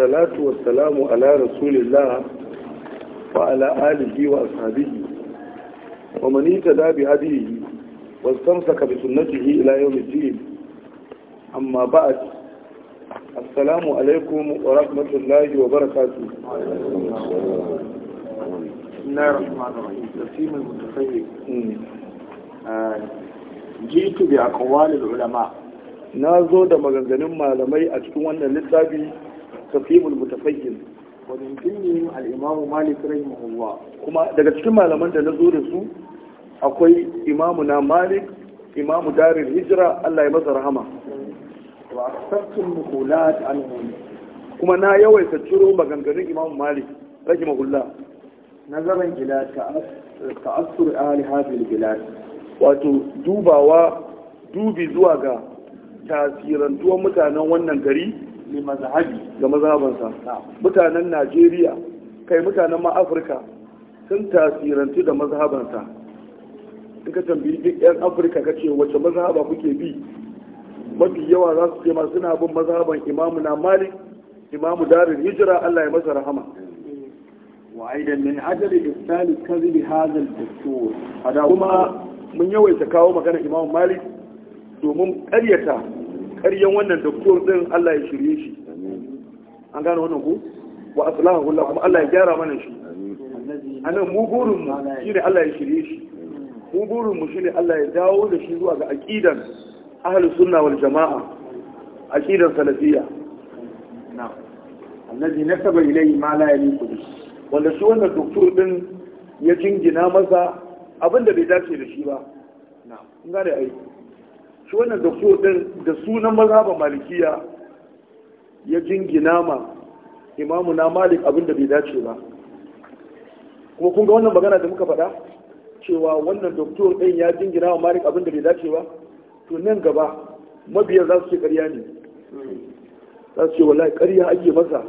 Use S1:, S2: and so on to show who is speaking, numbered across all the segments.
S1: والصلاة والسلام على رسول الله وعلى آله وأصحابه ومن اهتدى بهديه واستمسك بسنته إلى يوم الدين أما بعد السلام عليكم ورحمة الله وبركاته بسم الله الرحمن الرحيم تسليم بأقوال العلماء na zo da maganganun malamai a cikin wannan littafi tafhimul mutafayyin ومن min الإمام مالك رحمه malik كما kuma daga cikin malaman da nazo da su akwai إمام دار malik الله يمزر هما Allah ya masa rahama نا يوي ستشروا anhum kuma na yawaita ciro maganganun imamu malik rahimahullah nazaran ila ta'assur wato dubawa dubi zuwa ga tasirantuwan mutanen wannan gari ga mazhabansa mutanen najeriya kai mutanen ma afirka sun tasirantu da mazhabansa in ka tambayi duk 'yan afirka ka ce wace mazhaba kuke bi mafi yawa za su ce ma suna bin mazhaban imamu na malik imamu darin hijira allah ya masa rahama وأيضا من عدم إبطال كذب هذا الدستور Kuma mun yawaita kawo magana Imamu Malik domin karyata. ƙaryan wannan doktor din Allah ya shirye shi an gane wannan ku wa aslaha kullu kuma Allah ya gyara mana shi A nan burin shi ne Allah ya shirye shi mu shi ne Allah ya dawo da shi zuwa ga aƙidan ahlus sunna wal jamaa aqidan salafiyya na'am allazi nasaba ilayhi ma la yaliqu bihi wanda shi wannan doktor din ya jingina masa abinda bai dace da shi ba in gane aiki shi wannan so din da sunan mazhaban malikiya ya jingina ma imamu na malik abin da bai dace ba kuma kun ga wannan magana da muka faɗa cewa wannan doktor din ya jingina wa malik abin da bai dace ba to nan gaba mabiyan za su ce ƙarya ne za su ce wallahi ƙarya ake masa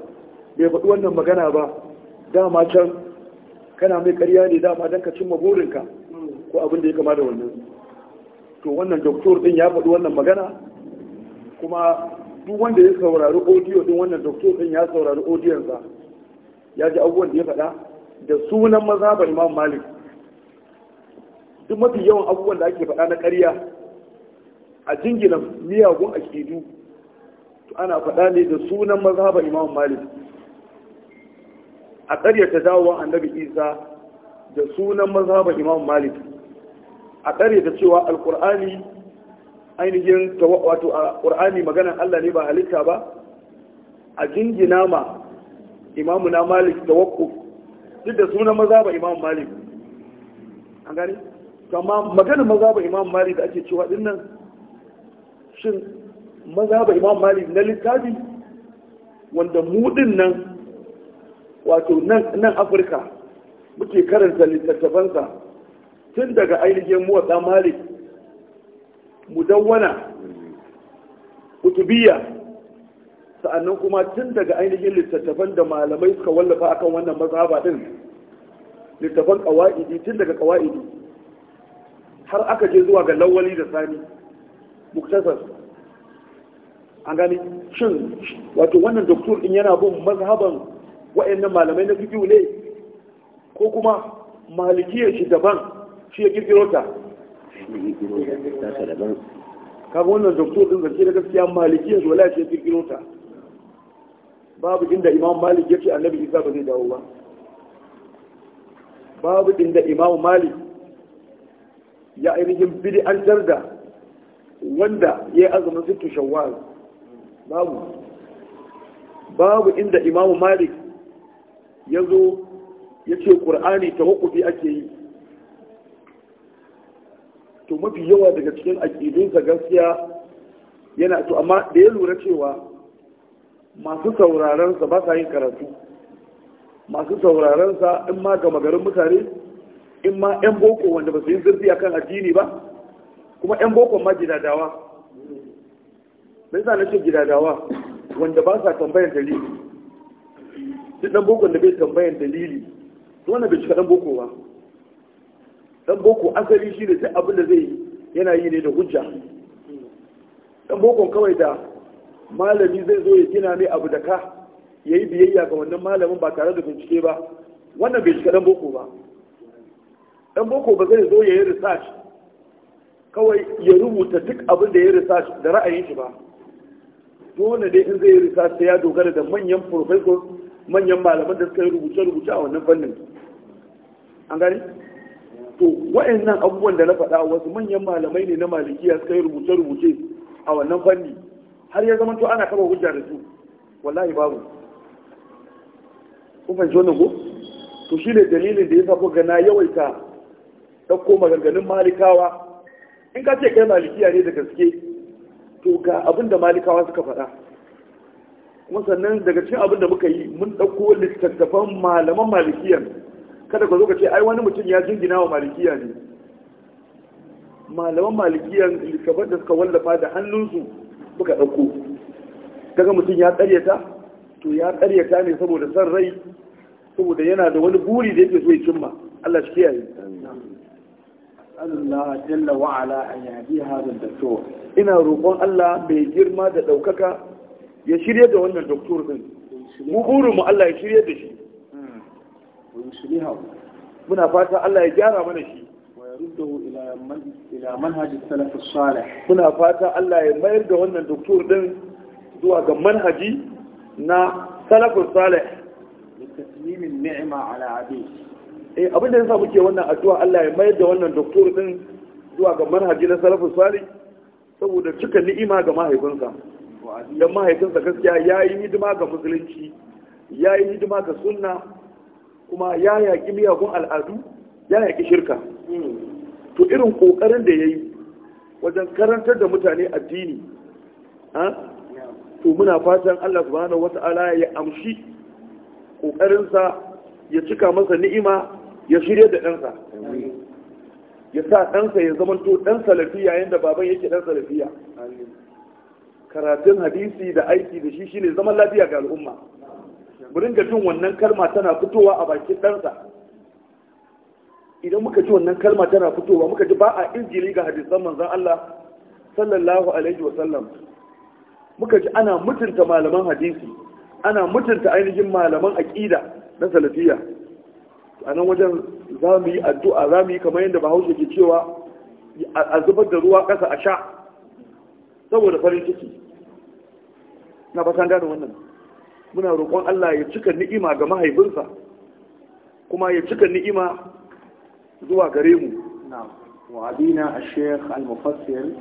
S1: bai faɗi wannan magana ba dama can kana mai ƙarya ne dama don ka cimma burinka ko abin da ya kama da wannan to wannan doktor din ya faɗi wannan magana kuma duk wanda ya saurari audio din wannan doktor din ya saurari audiyonsa ya ji abubuwan da ya faɗa da sunan mazhabar imam malik duk mafi yawan abubuwan da ake faɗa na ƙarya a jingina miyagun akidu to ana faɗa ne da sunan mazhabar imam malik a ƙaryata dawowar annabi isa da sunan mazhabar imam malik a ƙare da cewa alƙur'ani ainihin wato a ƙur'ani maganan Allah ne ba halitta ba a jingina ma imamu na malik tawakkuf duk da sunan maza ba imam malik an gani amma maganin maza ba imam malik da ake cewa dinnan shin maza ba imam malik na littafi wanda mu dinnan wato nan afirka muke karanta littattafansa tun daga ainihin motsa malik mudawwana kutubiya sa'annan kuma tun daga ainihin littattafan da malamai suka wallafa akan wannan mazhaba din littattafan kawaidi tun daga kawaidi har aka je zuwa ga lawali da sani muktasar an gani shin wato wannan doktor din yana bin mazhaban wa'annan malamai na fiqh ne ko kuma malikiyar shi daban shi ya kirkiro ta kaga wannan doktor din zance da gaskiya maliki yanzu wala shi ya kirkiro ta babu inda imam malik ya ce annabi isa ba zai dawo ba babu inda imam malik ya ainihin bid'antar da wanda ya yi azumin sittu shawwal babu babu inda imam malik ya zo ya ce ƙur'ani ta hukufi ake yi to mafi yawa daga cikin aƙidunsa gaskiya yana to amma da ya lura cewa masu saurarensa ba sa yin karatu masu saurarensa in ma gama garin mutane in ma 'yan boko wanda ba su yi zurfi akan addini ba kuma 'yan boko ma gidadawa bai sa na ce gidadawa wanda ba sa tambayan dalili duk ɗan boko da bai tambayan dalili to wannan bai cika ɗan boko ba dan boko asali shi ne duk abin da zai yi yana yi ne da hujja dan boko kawai da malami zai zo ya gina mai abu da ka ya yi biyayya ga wannan malamin ba tare da bincike ba wannan bai shiga dan boko ba dan boko ba zai zo ya yi research kawai ya rubuta duk abin da ya yi research da ra'ayin shi ba dole dai in zai yi research sai ya dogara da manyan professors manyan malaman da suka yi rubuce-rubuce a wannan fannin an gani to wa'annan abubuwan da na faɗa wasu manyan malamai ne na malikiya suka yi rubuce-rubuce a wannan fanni har ya zama to ana kama hujja da su wallahi babu kun fahimci wannan ko to shi ne dalilin da ya sa ga na yawaita ɗauko maganganun malikawa in ka ce kai malikiya ne da gaske to ga abin da malikawa suka faɗa kuma sannan daga cikin abin da muka yi mun ɗauko littattafan malaman malikiyan kada ka zo ka ce ai wani mutum ya jingina wa malikiya ne malaman malikiya likabar da suka wallafa da hannunsu suka ɗauko daga mutum ya ƙaryata to ya ƙaryata ne saboda son rai saboda yana da wani buri da yake so ya cimma Allah shi kiyaye Allah jalla wa ala an yahdi hadha doktor ina roƙon Allah mai girma da ɗaukaka ya shirye da wannan doktor din mu burin mu Allah ya shirye da shi ويصلحه muna fata Allah ya gyara mana shi wa yaruddahu ila man ila manhaj salaf salih muna fata Allah ya mayar da wannan doktor din zuwa ga manhaji na salaf salih li taslimin ni'ma ala abi eh abin da yasa muke wannan addu'a Allah ya mayar da wannan doktor din zuwa ga manhaji na salaf salih saboda cika ni'ima ga mahaifinsa dan mahaifinsa gaskiya yayi hidima ga musulunci yayi hidima ga sunna kuma ya yaƙi miyagun al'adu ya yaƙi shirka to irin ƙoƙarin da ya yi wajen karantar da mutane addini to muna fatan Allah subhanahu wata'ala ya amshi ƙoƙarinsa ya cika masa ni'ima ya shirya da ɗansa ya sa ɗansa ya zamanto ɗan salafiya yadda baban yake ɗan salafiya karatun hadisi da aiki da shi shine zaman lafiya ga al'umma mu ringa jin wannan kalma tana fitowa a bakin ɗansa idan muka ji wannan kalma tana fitowa muka ji ba a injili ga hadisan manzan Allah sallallahu alaihi wa sallam muka ji ana mutunta malaman hadisi ana mutunta ainihin malaman aqida na salafiya. a nan wajen za mu yi addu'a za mu yi kamar yadda bahaushe ke cewa a zubar da ruwa ƙasa a sha saboda farin ciki na fatan gane wannan muna roƙon Allah ya cika ni'ima ga mahaifinsa kuma ya cika ni'ima zuwa gare mu wa'adina a sheikh al-mufassir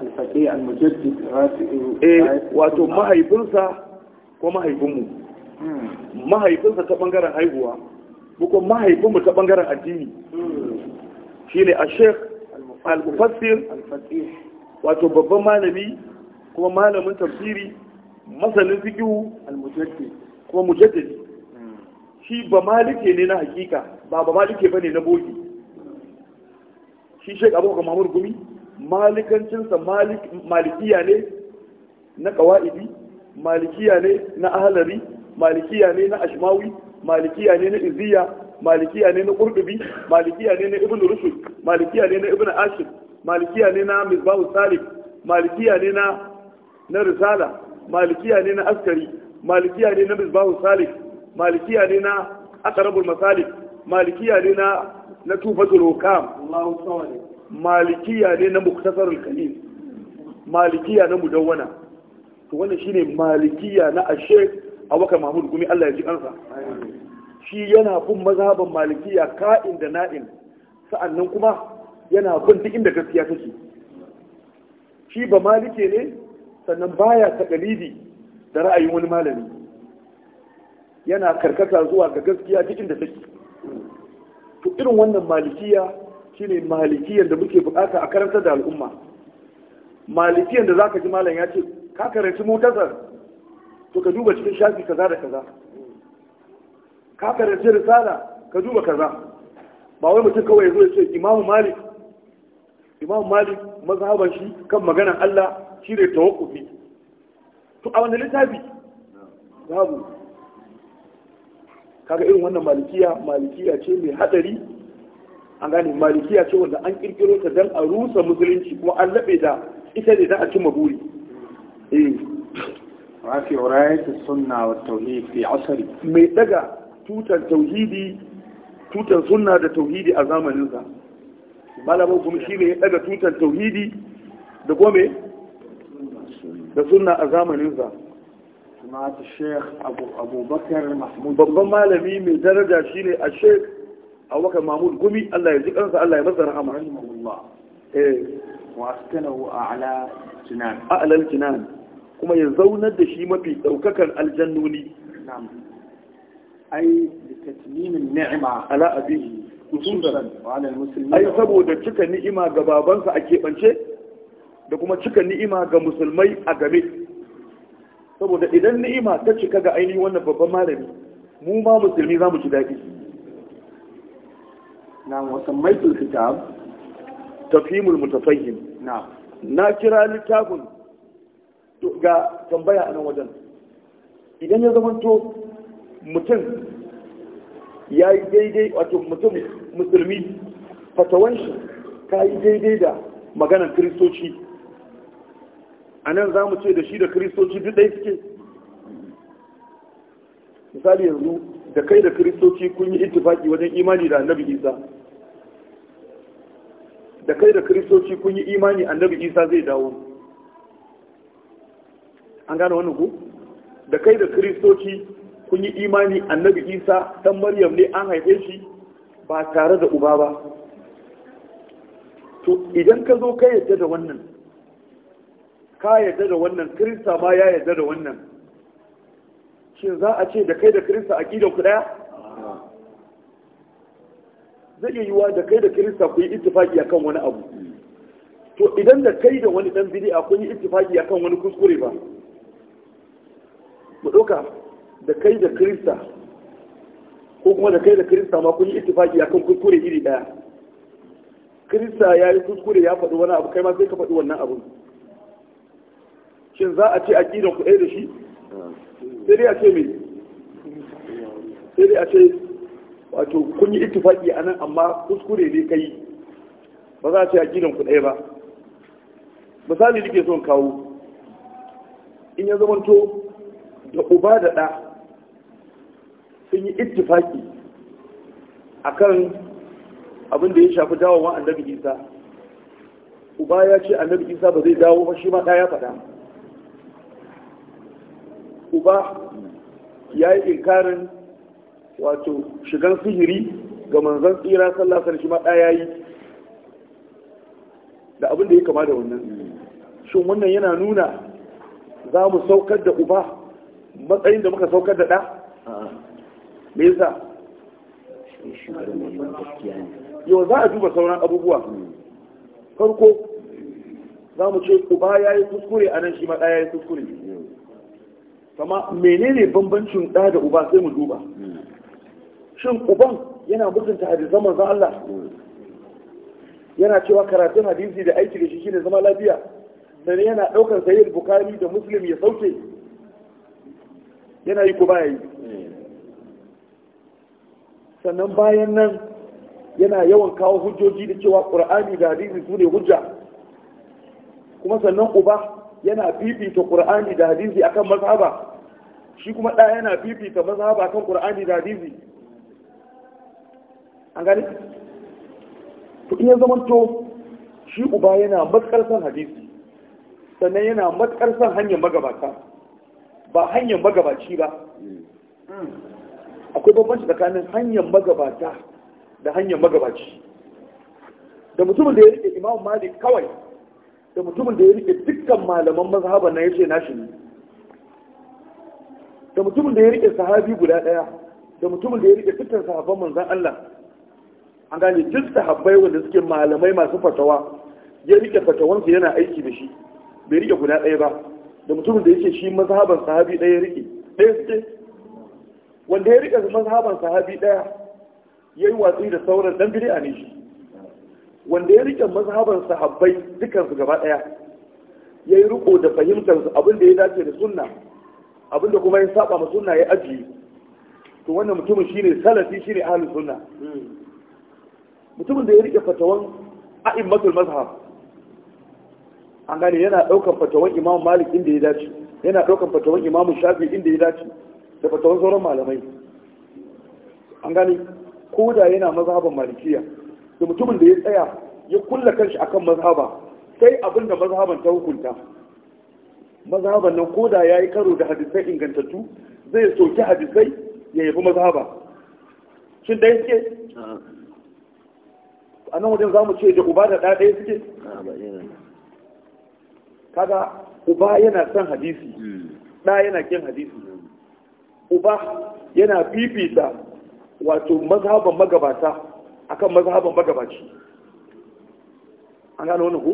S1: al-faqih al-mujaddid rafi'u eh wato mahaifinsa ko mahaifinmu hmm. mahaifinsa ta bangaren haihuwa ko mahaifinmu ta bangaren addini hmm. shine a sheikh al-mufassir al-faqih wato babban malami kuma malamin tafsiri masalin fikihu al-mujaddid kuma mujaddidi shi ba malike ne na hakika ba ba malike bane na bogi shi shek abubakar mamur gumi malikancinsa malikiya ne na qawaidi malikiya ne na ahlari malikiya ne na ashmawi malikiya ne na iziya malikiya ne na qurdubi malikiya ne na ibn rushd malikiya ne na ibn ashir malikiya ne na misbahu salik malikiya ne na na risala malikiya ne na askari malikiya ne na misbahu salik malikiya ne na akarabul masalik malikiya ne na na tufatul hukam malikiya ne na muktasarul kalim malikiya na mudawwana to wannan shine malikiya na ashe abubakar mahmud gumi Allah ya ji kansa shi yana bin mazhaban malikiya ka'in da na'in sa'annan kuma yana bin duk inda gaskiya take shi ba malike ne sannan baya dalili da ra'ayin wani malami yana karkata zuwa ga gaskiya cikin da take to irin wannan malikiya shine malikiyar da muke bukata a karantar da al'umma malikiyar da zaka ji malam ya ce ka karanci mutasar to ka duba cikin shafi kaza da kaza ka karanci risala ka duba kaza ba wai mutum kawai ya zo ya ce imamu malik imam malik mazhaban shi kan maganan Allah shi ne tawakkufi to a wannan littafi babu kaga irin wannan malikiya malikiya ce mai hadari an gane malikiya ce wanda an kirkiro ta dan a rusa musulunci kuma an labe da ita ne da a cimma buri eh fi urayat sunna wa tauhid fi asri mai daga tutar tauhidi tutar sunna da tauhidi a zamanin sa malamin kuma shi ne ya daga tutar tauhidi da gome da suna a zamaninsa mata sheikh abubakar mahmud babban malami mai daraja shi ne a sheikh abubakar mahmud gumi allah ya ji kansa allah ya masa rahama eh. wa askanahu a'la jinan a'la jinan kuma ya zaunar da shi mafi daukakan aljannoni ai da tatmimin ni'ima ala abihi ai saboda cika ni'ima ga babansa a keɓance da kuma cika ni'ima ga musulmai a game saboda idan ni'ima ta cika ga ainihin wannan babban malami mu ma musulmi za mu ci daɗi na musammaitul kitab tafimul mutafahim na na kira littafin ga tambaya a nan wajen idan ya to mutum ya yi daidai wato mutum musulmi fatawan shi ka yi daidai da maganar kiristoci a nan za mu ce da shi da kiristoci duk ɗaya suke misali yanzu da kai da kiristoci kun yi intifaki wajen imani da annabi isa da kai da kiristoci kun yi imani annabi isa zai dawo an gane wannan ku da kai da kiristoci kun yi imani annabi isa ɗan maryam ne an haife shi ba tare da uba ba to idan ka zo ka yadda da wannan ka yadda da wannan kirista ma ya yadda da wannan shin za a ce da kai da kirista a gidan ku daya zai iya yiwuwa da kai da kirista ku yi ittifaki akan wani abu to idan da kai da wani dan a kun yi ittifaki akan wani kuskure ba mu ɗauka da kai da kirista ko kuma da kai da kirista ma kun yi ittifaki akan kuskure iri daya kirista ya yi kuskure ya faɗi wani abu kai ma sai ka faɗi wannan abun shin za a ce aqidan ku ɗaya da shi sai dai a ce me sai dai a ce wato kun yi ittifaki nan amma kuskure ne kai ba za a ce aqidan ku ɗaya ba misali nake son kawo in ya zamanto da uba da ɗa sun yi ittifaki akan abin da ya shafi dawowa annabi isa uba ya ce annabi isa ba zai dawo ba shi ma ɗaya faɗa uba ya yi inkarin wato shigan sihiri ga manzan tsira sallasar shi ma ɗaya yi da abin da ya kama da wannan shin wannan yana nuna za mu saukar da uba matsayin da muka saukar da ɗa me yasa yau za a duba sauran abubuwa farko za mu ce uba ya yi kuskure a nan shi ma ya yi kuskure kama menene bambancin ɗa da uba sai mu duba shin uban yana mutunta hadisan manzon Allah yana cewa karatun hadisi da aiki da shi shine zama lafiya sannan yana ɗaukar sahih bukari da muslim ya sauke yana yi ko baya yi sannan bayan nan yana yawan kawo hujjoji da cewa ƙur'ani da hadisi su ne hujja kuma sannan uba yana fifita ƙur'ani da hadisi akan mazhaba shi kuma ɗaya yana fifita mazhaba akan ƙur'ani da hadisi an gani to iya zamanto shi uba yana matsar san hadisi sannan yana matsar san hanyar magabata ba hanyar magabaci ba hmm. akwai bambanci tsakanin hanyar magabata da hanyar magabaci da mutumin da ya rike imam malik kawai da mutumin da ya rike dukkan malaman mazhaba na yace na ne da mutumin da ya rike sahabi guda daya da mutumin da ya rike dukkan sahabban manzon Allah an gane duk sahabbai wanda suke malamai masu fatawa ya rike fatawansa yana aiki da shi bai rike guda daya ba da mutumin da yake shi mazhaban sahabi daya rike daya suke wanda ya rika mazhaban sahabi ɗaya, ya yi watsi da sauran dan biri a nishi wanda ya riƙa mazhaban sahabbai dukansu su gaba ya yi riko da fahimtarsu abinda abin da ya dace da sunna abin da kuma ya saba ma sunna ya ajiye to wannan mutumin shine salafi shine ahlus sunna mutumin da ya riƙe fatawan a'immatul mazhab an gane yana ɗaukan fatawan imam malik inda ya dace yana ɗaukan fatawan imam shafi inda ya dace da fatawan sauran malamai an gani ko da yana mazhaban malikiya da mutumin da ya tsaya ya kulla kanshi akan mazhaba sai abin da mazhaban ta hukunta mazhaban nan ko da ya yi karo da hadisai ingantattu zai soki hadisai ya yabi mazhaba shin da yake a nan wajen za mu ce da uba da ɗa ɗaya suke kaga uba yana son hadisi ɗa yana kin hadisi uba yana fifita wato mazhaban magabata akan mazhaban magabaci an gano wani ku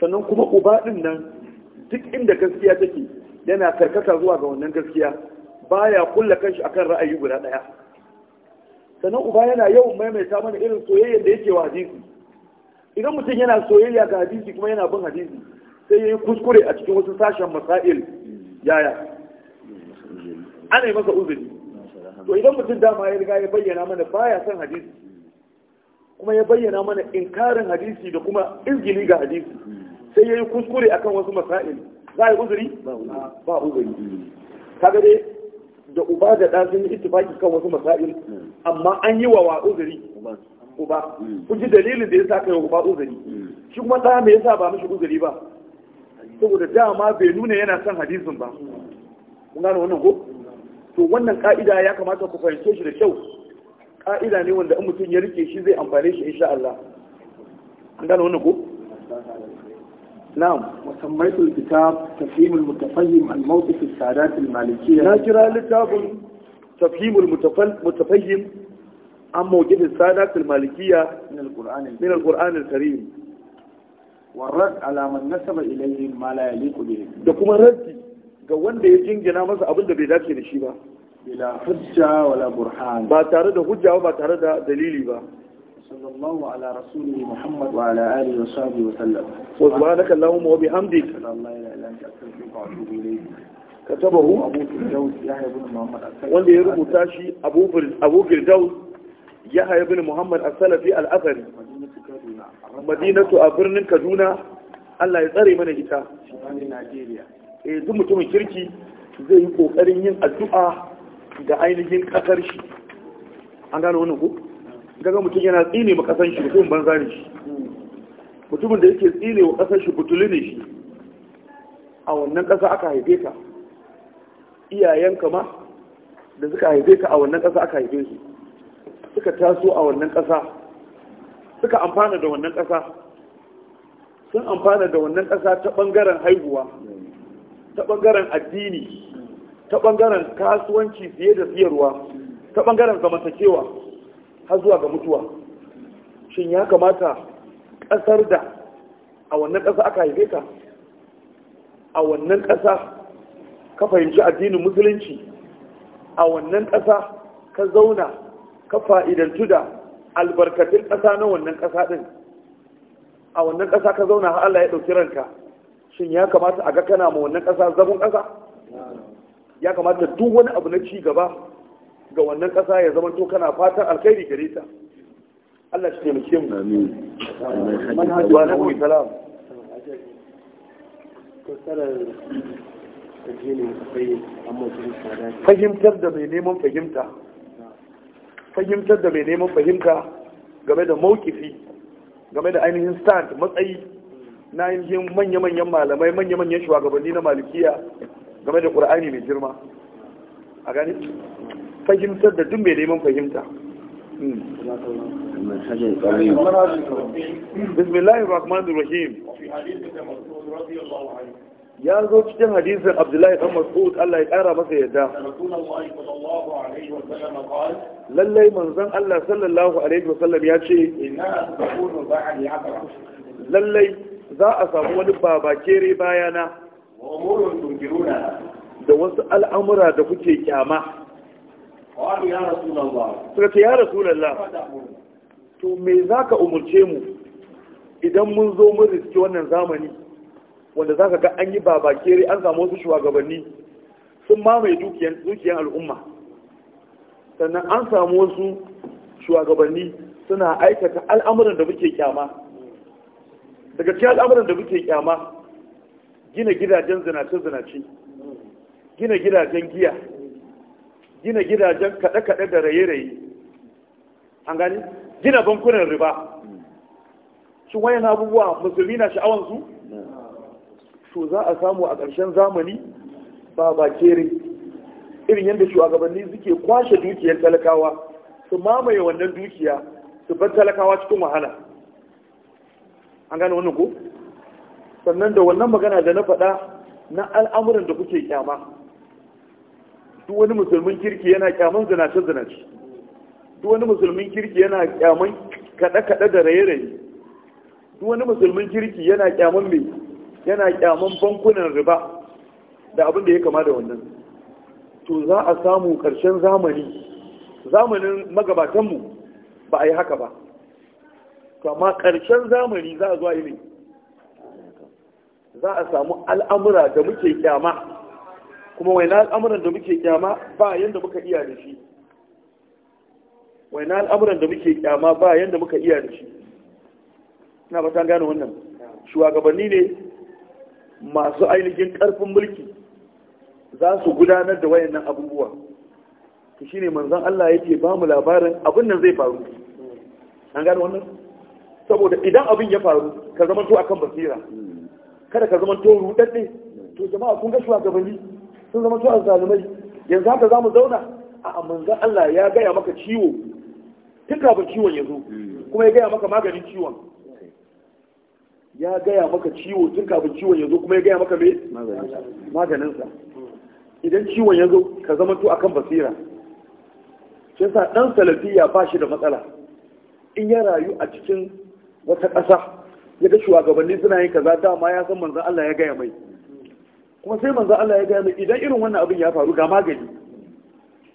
S1: sannan kuma uba din nan duk inda gaskiya take yana karkata zuwa ga wannan gaskiya baya kulla kanshi akan ra'ayi guda daya sannan uba yana yawan maimaita mana irin soyayyar da yake wa hadisi idan mutum yana soyayya ga hadisi kuma yana bin hadisi sai ya yi kuskure a cikin wasu sashen masail yaya ana yi masa uzuri to idan mutum dama ya riga ya bayyana mana baya son hadisi kuma ya bayyana mana inkarin hadisi da kuma izgili ga hadisi sai ya yi kuskure akan wasu masail za a yi uzuri ba uzuri kaga dai da uba da ɗa sun yi ittifaki kan wasu masail amma an yi wa uzuri uba hmm. ku ji dalilin da ya sa kai uba uzuri hmm. shi kuma ɗa me yasa ba mishi uzuri ba saboda dama bai nuna yana son hadisin ba kun gane wannan ko to wannan ka'ida ya kamata ku fahimce shi da kyau ka'ida ne wanda in mutum ya rike shi zai amfane shi insha Allah an gane wannan ko na'am musammaitul kitab tafhimul mutafahim al mawqif al sadat al malikiyya na kira littafin tafhimul mutafahim an mawqif al sadat al malikiyya min al qur'an min al qur'an al karim والرد على من نسب إليه ما لا يليق به. Da kuma ردي ga wanda ya jingina masa abin da bai dace da shi ba bila hujja wala burhan ba tare da hujja ba tare da dalili ba sallallahu ala rasulihi muhammad wa ala alihi wa sahbihi wa sallam wa subhanaka allahumma wa bihamdik katabahu abu firdaus yahya ibn muhammad wanda ya rubuta shi abu abu firdaus yahya ibn muhammad as-salafi al-athari madinatu a birnin kaduna Allah ya tsare mana ita. Najeriya. Eh, duk mutumin kirki zai yi kokarin yin addu'a ga ainihin kasar shi an gano wannan ko gaga mutum yana tsine ma kasar shi mutum banza ne shi mutumin da yake tsine wa kasar shi butuli ne shi a wannan kasa aka haife ka iyayenka ma da suka haife ka a wannan kasa aka haife su suka taso a wannan kasa suka amfana da wannan kasa sun amfana da wannan kasa ta bangaren haihuwa ta ɓangaren addini ta ɓangaren kasuwanci fiye da siyarwa ta ɓangaren zamantakewa har zuwa ga mutuwa shin ya kamata ƙasar da a wannan ƙasa aka haife ka a wannan ƙasa ka fahimci addinin musulunci a wannan ƙasa ka zauna ka fa'idantu da albarkatun ƙasa na wannan ƙasa ɗin a wannan ƙasa ka zauna har Allah ya ɗauki ranka shin ya kamata a ga kana ma wannan ƙasa zagon ƙasa ya kamata duk wani abu na ci gaba ga wannan ƙasa ya zama to kana fatan alkhairi gare ta Allah shi taimake mu amin manhaj wa salam fahimtar da mai neman fahimta fahimtar da mai neman fahimta game da maukifi, game da ainihin stand matsayi na yin manya-manyan malamai manya-manyan shugabanni na malikiya game da ƙura'ani mai girma a gani fahimtar da duk mai neman fahimta hmm. bismillahir rahim ya zo cikin hadisun abdullahi dan mas'ud Allah ya kara masa yadda lallai manzan Allah sallallahu alaihi wasallam ya ce lallai za a samu wani babakere bayana da wasu al'amura da kuke kyama suka ce ya rasulallah to me za ka umarce mu idan mun zo mun riski wannan zamani wanda za ka ga an yi babakere an samu wasu shugabanni sun mamaye dukiyan al'umma sannan an samu wasu shugabanni suna aikata al'amuran da muke kyama daga cikin al'amuran da muke kyama gina gidajen zinace-zinace gina gidajen giya gina gidajen kaɗe-kaɗe da raye-raye an gani gina bankunan riba shi wayan abubuwa musulmi na sha'awansu to za a samu a ƙarshen zamani ba ba kere irin yadda shugabanni suke kwashe dukiyar talakawa su mamaye wannan dukiya su bar talakawa cikin wahala an gane wannan ko sannan da wannan magana da na faɗa na al'amuran da kuke kyama duk wani musulmin kirki yana kyaman zinace zinace duk wani musulmin kirki yana kyaman kaɗe kaɗe da raye raye duk wani musulmin kirki yana kyaman mai yana kyaman bankunan riba da abin da ya kama da wannan to za a samu ƙarshen zamani zamanin magabatanmu ba a yi haka ba to amma zamani za a zuwa ilimi za a samu al'amura da muke kyama kuma waina al'amuran da muke kyama ba yadda muka iya da shi waina al'amuran da muke kyama ba yadda muka iya da shi na fatan gane wannan shugabanni ne masu ainihin karfin mulki za su gudanar da wayannan abubuwa to shine manzan Allah yake ba mu labarin abin nan zai faru an gano wannan saboda idan abin ya faru ka zama to akan basira kada ka zama to rudadde to jama'a kun ga shugabanni sun zama to azzalumai yanzu haka zamu zauna a manzon Allah ya gaya maka ciwo tun kafin ciwon ya zo kuma ya gaya maka maganin ciwon ya gaya maka ciwo tun kafin ciwon ya zo kuma ya gaya maka me maganinsa idan ciwon ya zo ka zama to akan basira shi yasa dan salafiya ba shi da matsala in ya rayu a cikin wata ƙasa ya ga shugabanni suna yin kaza dama ya san manzan Allah ya gaya mai kuma sai manzan Allah ya gaya mai idan irin wannan abin ya faru ga magani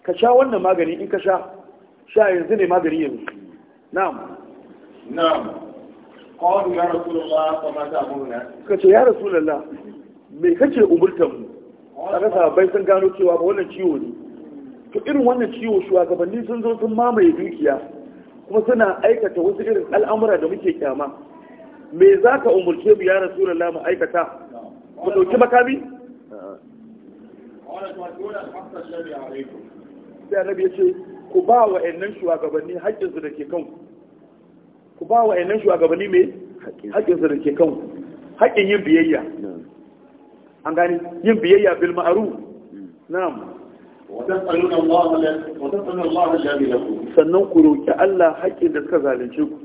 S1: ka sha wannan magani in ka sha sha yanzu ne magani yanzu na'am na'am qalu ya rasulullah fa ma ta'muruna kace ya rasulullah me kace umurtan mu kaga bai sun gano cewa ba wannan ciwo ne to irin wannan ciwo shugabanni sun zo sun mamaye dukiya kuma suna aikata wasu irin al'amura da muke kyama me za ka umurce mu ya rasulullah mu aikata Ku ɗauki makami sai annabi ya ce ku ba wa ƴannan shugabanni haƙƙinsu da ke kan, ku ba wa ƴannan shugabanni me haƙƙinsu da ke kan, haƙƙin yin biyayya an gani yin biyayya bil ma'ruf mm. na'am sannan ku roƙi Allah haƙƙin da suka zalunce ku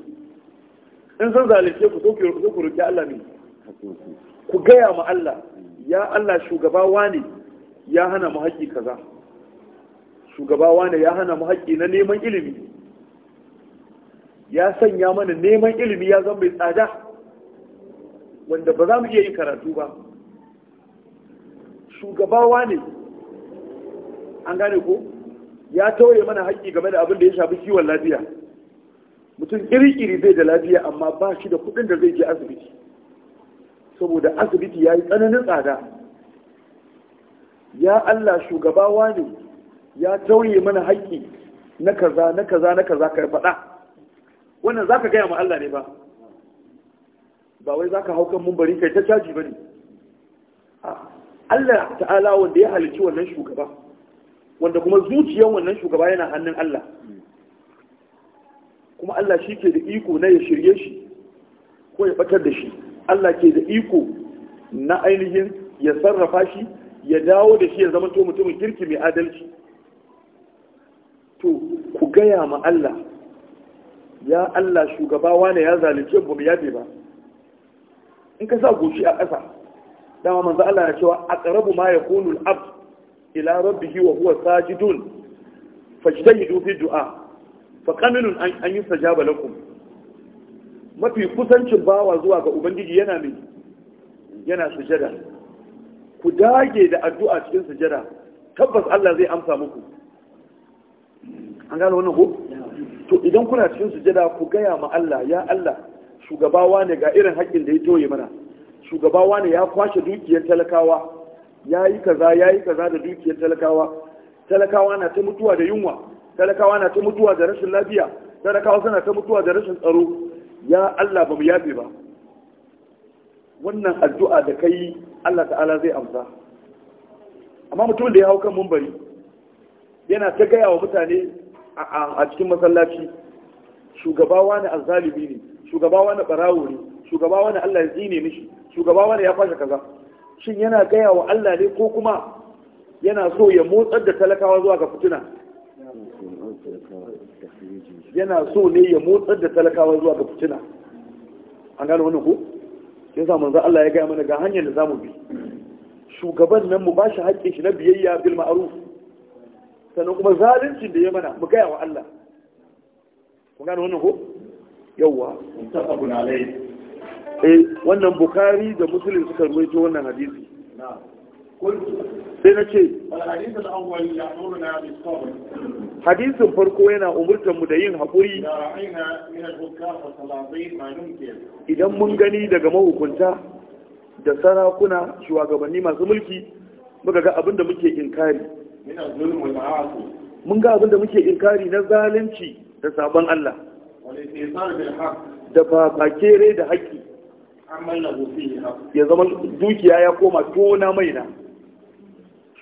S1: in sun zalunce ku so ku roƙi Allah ne ku gaya ma Allah ya Allah shugaba wane ya hana mu haƙƙi kaza shugaba wane ya hana mu haƙƙi na neman ilimi ya sanya mana neman ilimi ya zama mai tsada wanda ba za mu iya yin karatu ba shugaba wane an gane ko ya tauye mana haƙƙi game da abin da ya shafi kiwon lafiya mutum iri-iri bai da lafiya amma ba shi da kuɗin da zai je asibiti saboda asibiti ya yi tsananin tsada ya Allah shugaba ne ya tauye mana haƙƙi na kaza na kaza na kaza ka faɗa wannan za ka gaya ma Allah ne ba ba wai za ka hau kan mumbari kai ta caji ba ne Allah ta'ala wanda ya halicci wannan shugaba wanda kuma zuciyar wannan shugaba yana hannun Allah kuma Allah shi ke da iko na ya shirye shi ko ya batar da shi Allah ke da iko na ainihin ya sarrafa shi ya dawo da shi ya zama to mutumin kirki mai adalci to ku gaya ma Allah ya Allah shugaba wane ya zalunce mu mu yabe ba in ka sa goshi a ƙasa dama manzo Allah ya cewa aqrabu ma yakunu al-abd ila rabbihi wa huwa sajidun fajtahidu fi du'a fa qamilun an yustajaba lakum mafi kusancin bawa zuwa ga ubangiji yana mai yana sujada ku dage da addu'a cikin sujada tabbas Allah zai amsa muku an gano wannan ko to idan kuna cikin sujada ku gaya ma Allah ya Allah shugabawa ne ga irin haƙƙin da ya toye mana shugabawa ne ya kwashe dukiyar talakawa ya yi kaza ya yi kaza da dukiyar talakawa talakawa na ta mutuwa da yunwa talakawa na ta mutuwa da rashin lafiya talakawa suna ta mutuwa da rashin tsaro ya Allah ba mu yafe ba wannan addu'a da kai Allah ta'ala zai amsa amma mutumin da ya hau kan mumbari yana ta gaya wa mutane a cikin masallaci shugabawa ne azzalibi ne shugabawa na barawo ne shugabawa na Allah ya zine mishi shugabawa ne ya fashe kaza shin yana gaya wa Allah ne ko kuma yana so ya motsar da talakawa zuwa ga fitina
S2: yana so ne ya
S1: motsar da talakawa zuwa ga fitina an gano wannan ko sai sa manzo Allah ya gaya mana ga hanyar da zamu bi shugaban nan mu bashi haƙƙin shi na biyayya bil ma'ruf sannan kuma zalunci da ya mana mu gaya wa Allah kun gano wannan ko yawwa mutafaqun alayhi eh wannan bukari da musulun suka rubuto wannan hadisi sai na ce hadisin farko yana umurtar mu da yin haƙuri idan mun gani daga mahukunta da sarakuna shugabanni masu mulki muka ga abinda muke inkari mun ga abinda muke inkari na zalunci da sabon Allah da ba da haƙƙi ya zama dukiya ya koma tona mai na.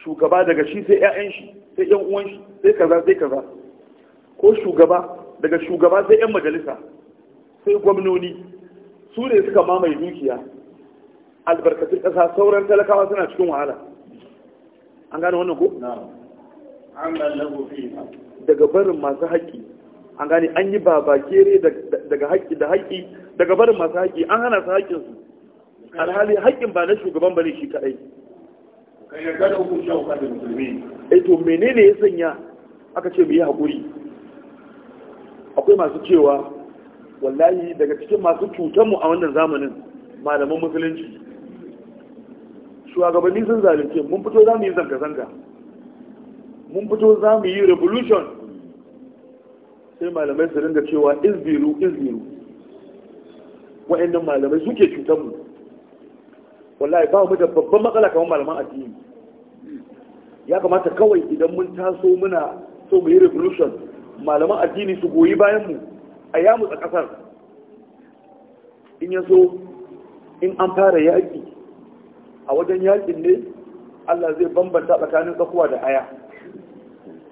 S1: shugaba daga shi sai 'ya'yan shi sai 'yan uwan shi sai kaza sai kaza ko shugaba daga shugaba sai 'yan majalisa sai gwamnoni su ne suka mamaye dukiya albarkatun ƙasa sauran talakawa suna cikin wahala an gane wannan ko? daga barin masu haƙƙi an gane an yi babakere daga haƙƙi da haƙƙi daga barin masu haƙƙi an hana su haƙƙin su alhali haƙƙin ba na shugaban bane shi kaɗai. kai yarda da eh to menene ya sanya aka ce mu yi haƙuri akwai masu cewa wallahi daga cikin masu cutanmu a wannan zamanin malaman musulunci shugabanni sun zalunce mun fito za mu yi zanga-zanga mun fito za mu yi revolution sai malamai su ringa cewa izbiru izbiru wa'annan malamai suke cutar mu wallahi ba mu da babban matsala kamar malaman addini ya kamata kawai idan mun taso muna so mu yi revolution malaman addini su goyi bayan mu a yamu a kasar in yaso in an fara yaƙi a wajen yaƙin ne Allah zai bambanta tsakanin tsakuwa da aya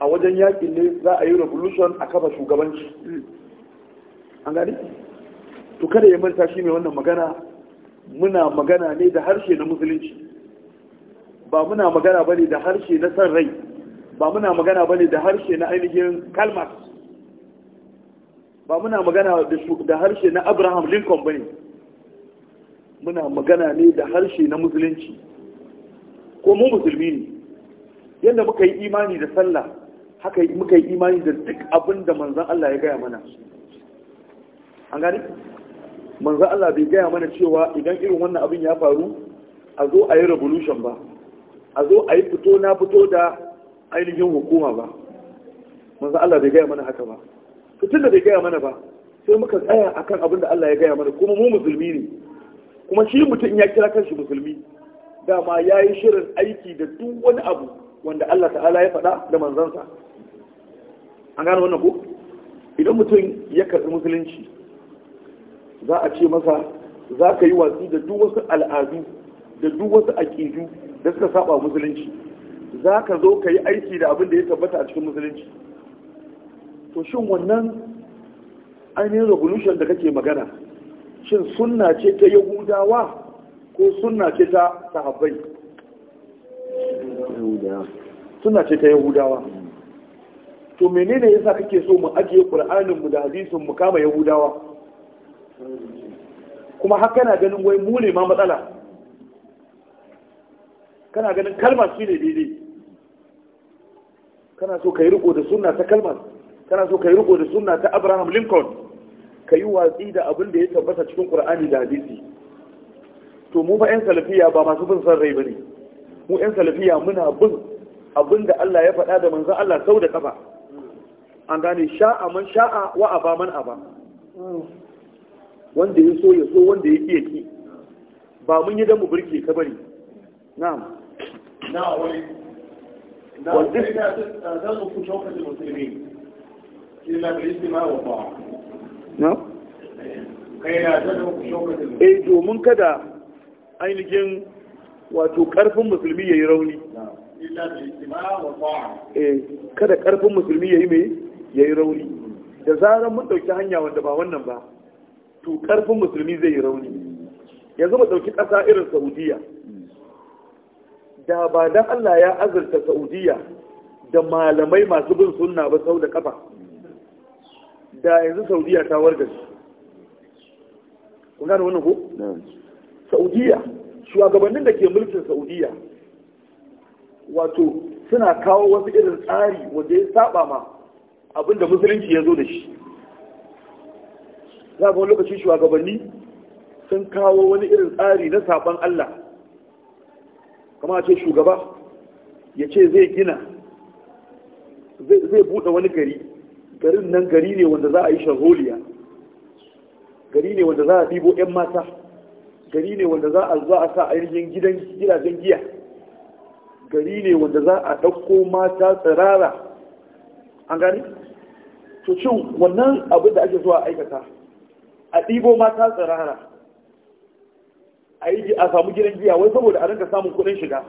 S1: a wajen yaƙin ne za a yi revolution a kafa shugabanci an gani to kada ya manta shi mai wannan magana muna magana ne da harshe na musulunci ba muna magana bane da harshe na san rai ba muna magana bane da harshe na ainihin kalmar ba muna magana da harshe na abraham lincoln bane muna magana ne da harshe na musulunci ko mu musulmi ne yadda muka yi imani da sallah haka muka yi imani da duk abin da manzan Allah ya gaya mana an gani manzo Allah bai gaya mana cewa idan irin wannan abin ya faru a zo a yi revolution ba a zo a yi fito na fito da ainihin hukuma ba manzo Allah bai gaya mana haka ba tun da bai gaya mana ba sai muka tsaya akan abin da Allah ya gaya mana kuma mu musulmi ne kuma shi mutum ya kira kanshi musulmi dama ya yi shirin aiki da duk wani abu wanda Allah ta'ala ya faɗa da manzansa an gano wannan ko idan mutum ya karɓi musulunci za a ce masa za ka yi watsi da duk wasu al'adu da duk wasu aƙidu da suka saba musulunci za ka zo ka yi aiki da abin da ya tabbata a cikin musulunci to shin wannan ainihin revolution da kake magana shin sunna ce ta yahudawa ko sunna ce ta sahabbai sunna ce ta yahudawa to menene yasa kake so mu ajiye qur'anin mu da hadisin mu kama yahudawa kuma haka kana ganin wai mu ne ma matsala kana ganin kalmar shi ne daidai kana so ka yi riko da suna ta kalmar kana so ka yi riko da suna ta abraham lincoln ka yi watsi da abin da ya tabbata cikin ƙur'ani da hadisi to mu fa 'yan salafiya ba masu bin son ba ne mu 'yan salafiya muna bin abin da Allah ya faɗa da manzan Allah sau da kafa an gane sha'a man sha'a wa aba man aba wanda ya so ya so wanda ya fiye ki ba mun yi dan mu burke ka bari na'am na wani na wani da zan ku shauka da musulmi illa bil ma wa ba na kai na zan ku shauka da musulmi eh domin kada ainihin wato karfin musulmi ya yi rauni eh, kada karfin musulmi ya mai me yi rauni da zarar mun dauki hanya wanda ba wannan ba to karfin musulmi zai yi rauni yanzu mu ɗauki ƙasa irin saudiya da ba dan Allah ya azurta saudiya da malamai masu bin sunna ba sau da kafa da yanzu saudiya ta warga kun gane wannan ko saudiya shugabannin da ke mulkin saudiya wato suna kawo wasu irin tsari wanda ya saba ma abinda musulunci ya zo da shi za ga wani lokaci shugabanni sun kawo wani irin tsari na saban Allah kama ce shugaba ya ce zai gina zai buɗe wani gari garin nan gari ne wanda za a yi shaholiya gari ne wanda za a ɗibo 'yan mata gari ne wanda za a za a sa ainihin gidan gidajen giya gari ne wanda za a ɗauko mata tsirara an gani to cin wannan abin da ake zuwa aikata a ɗibo mata tsirara a yi a samu gidan giya wai saboda a rinka samun kuɗin shiga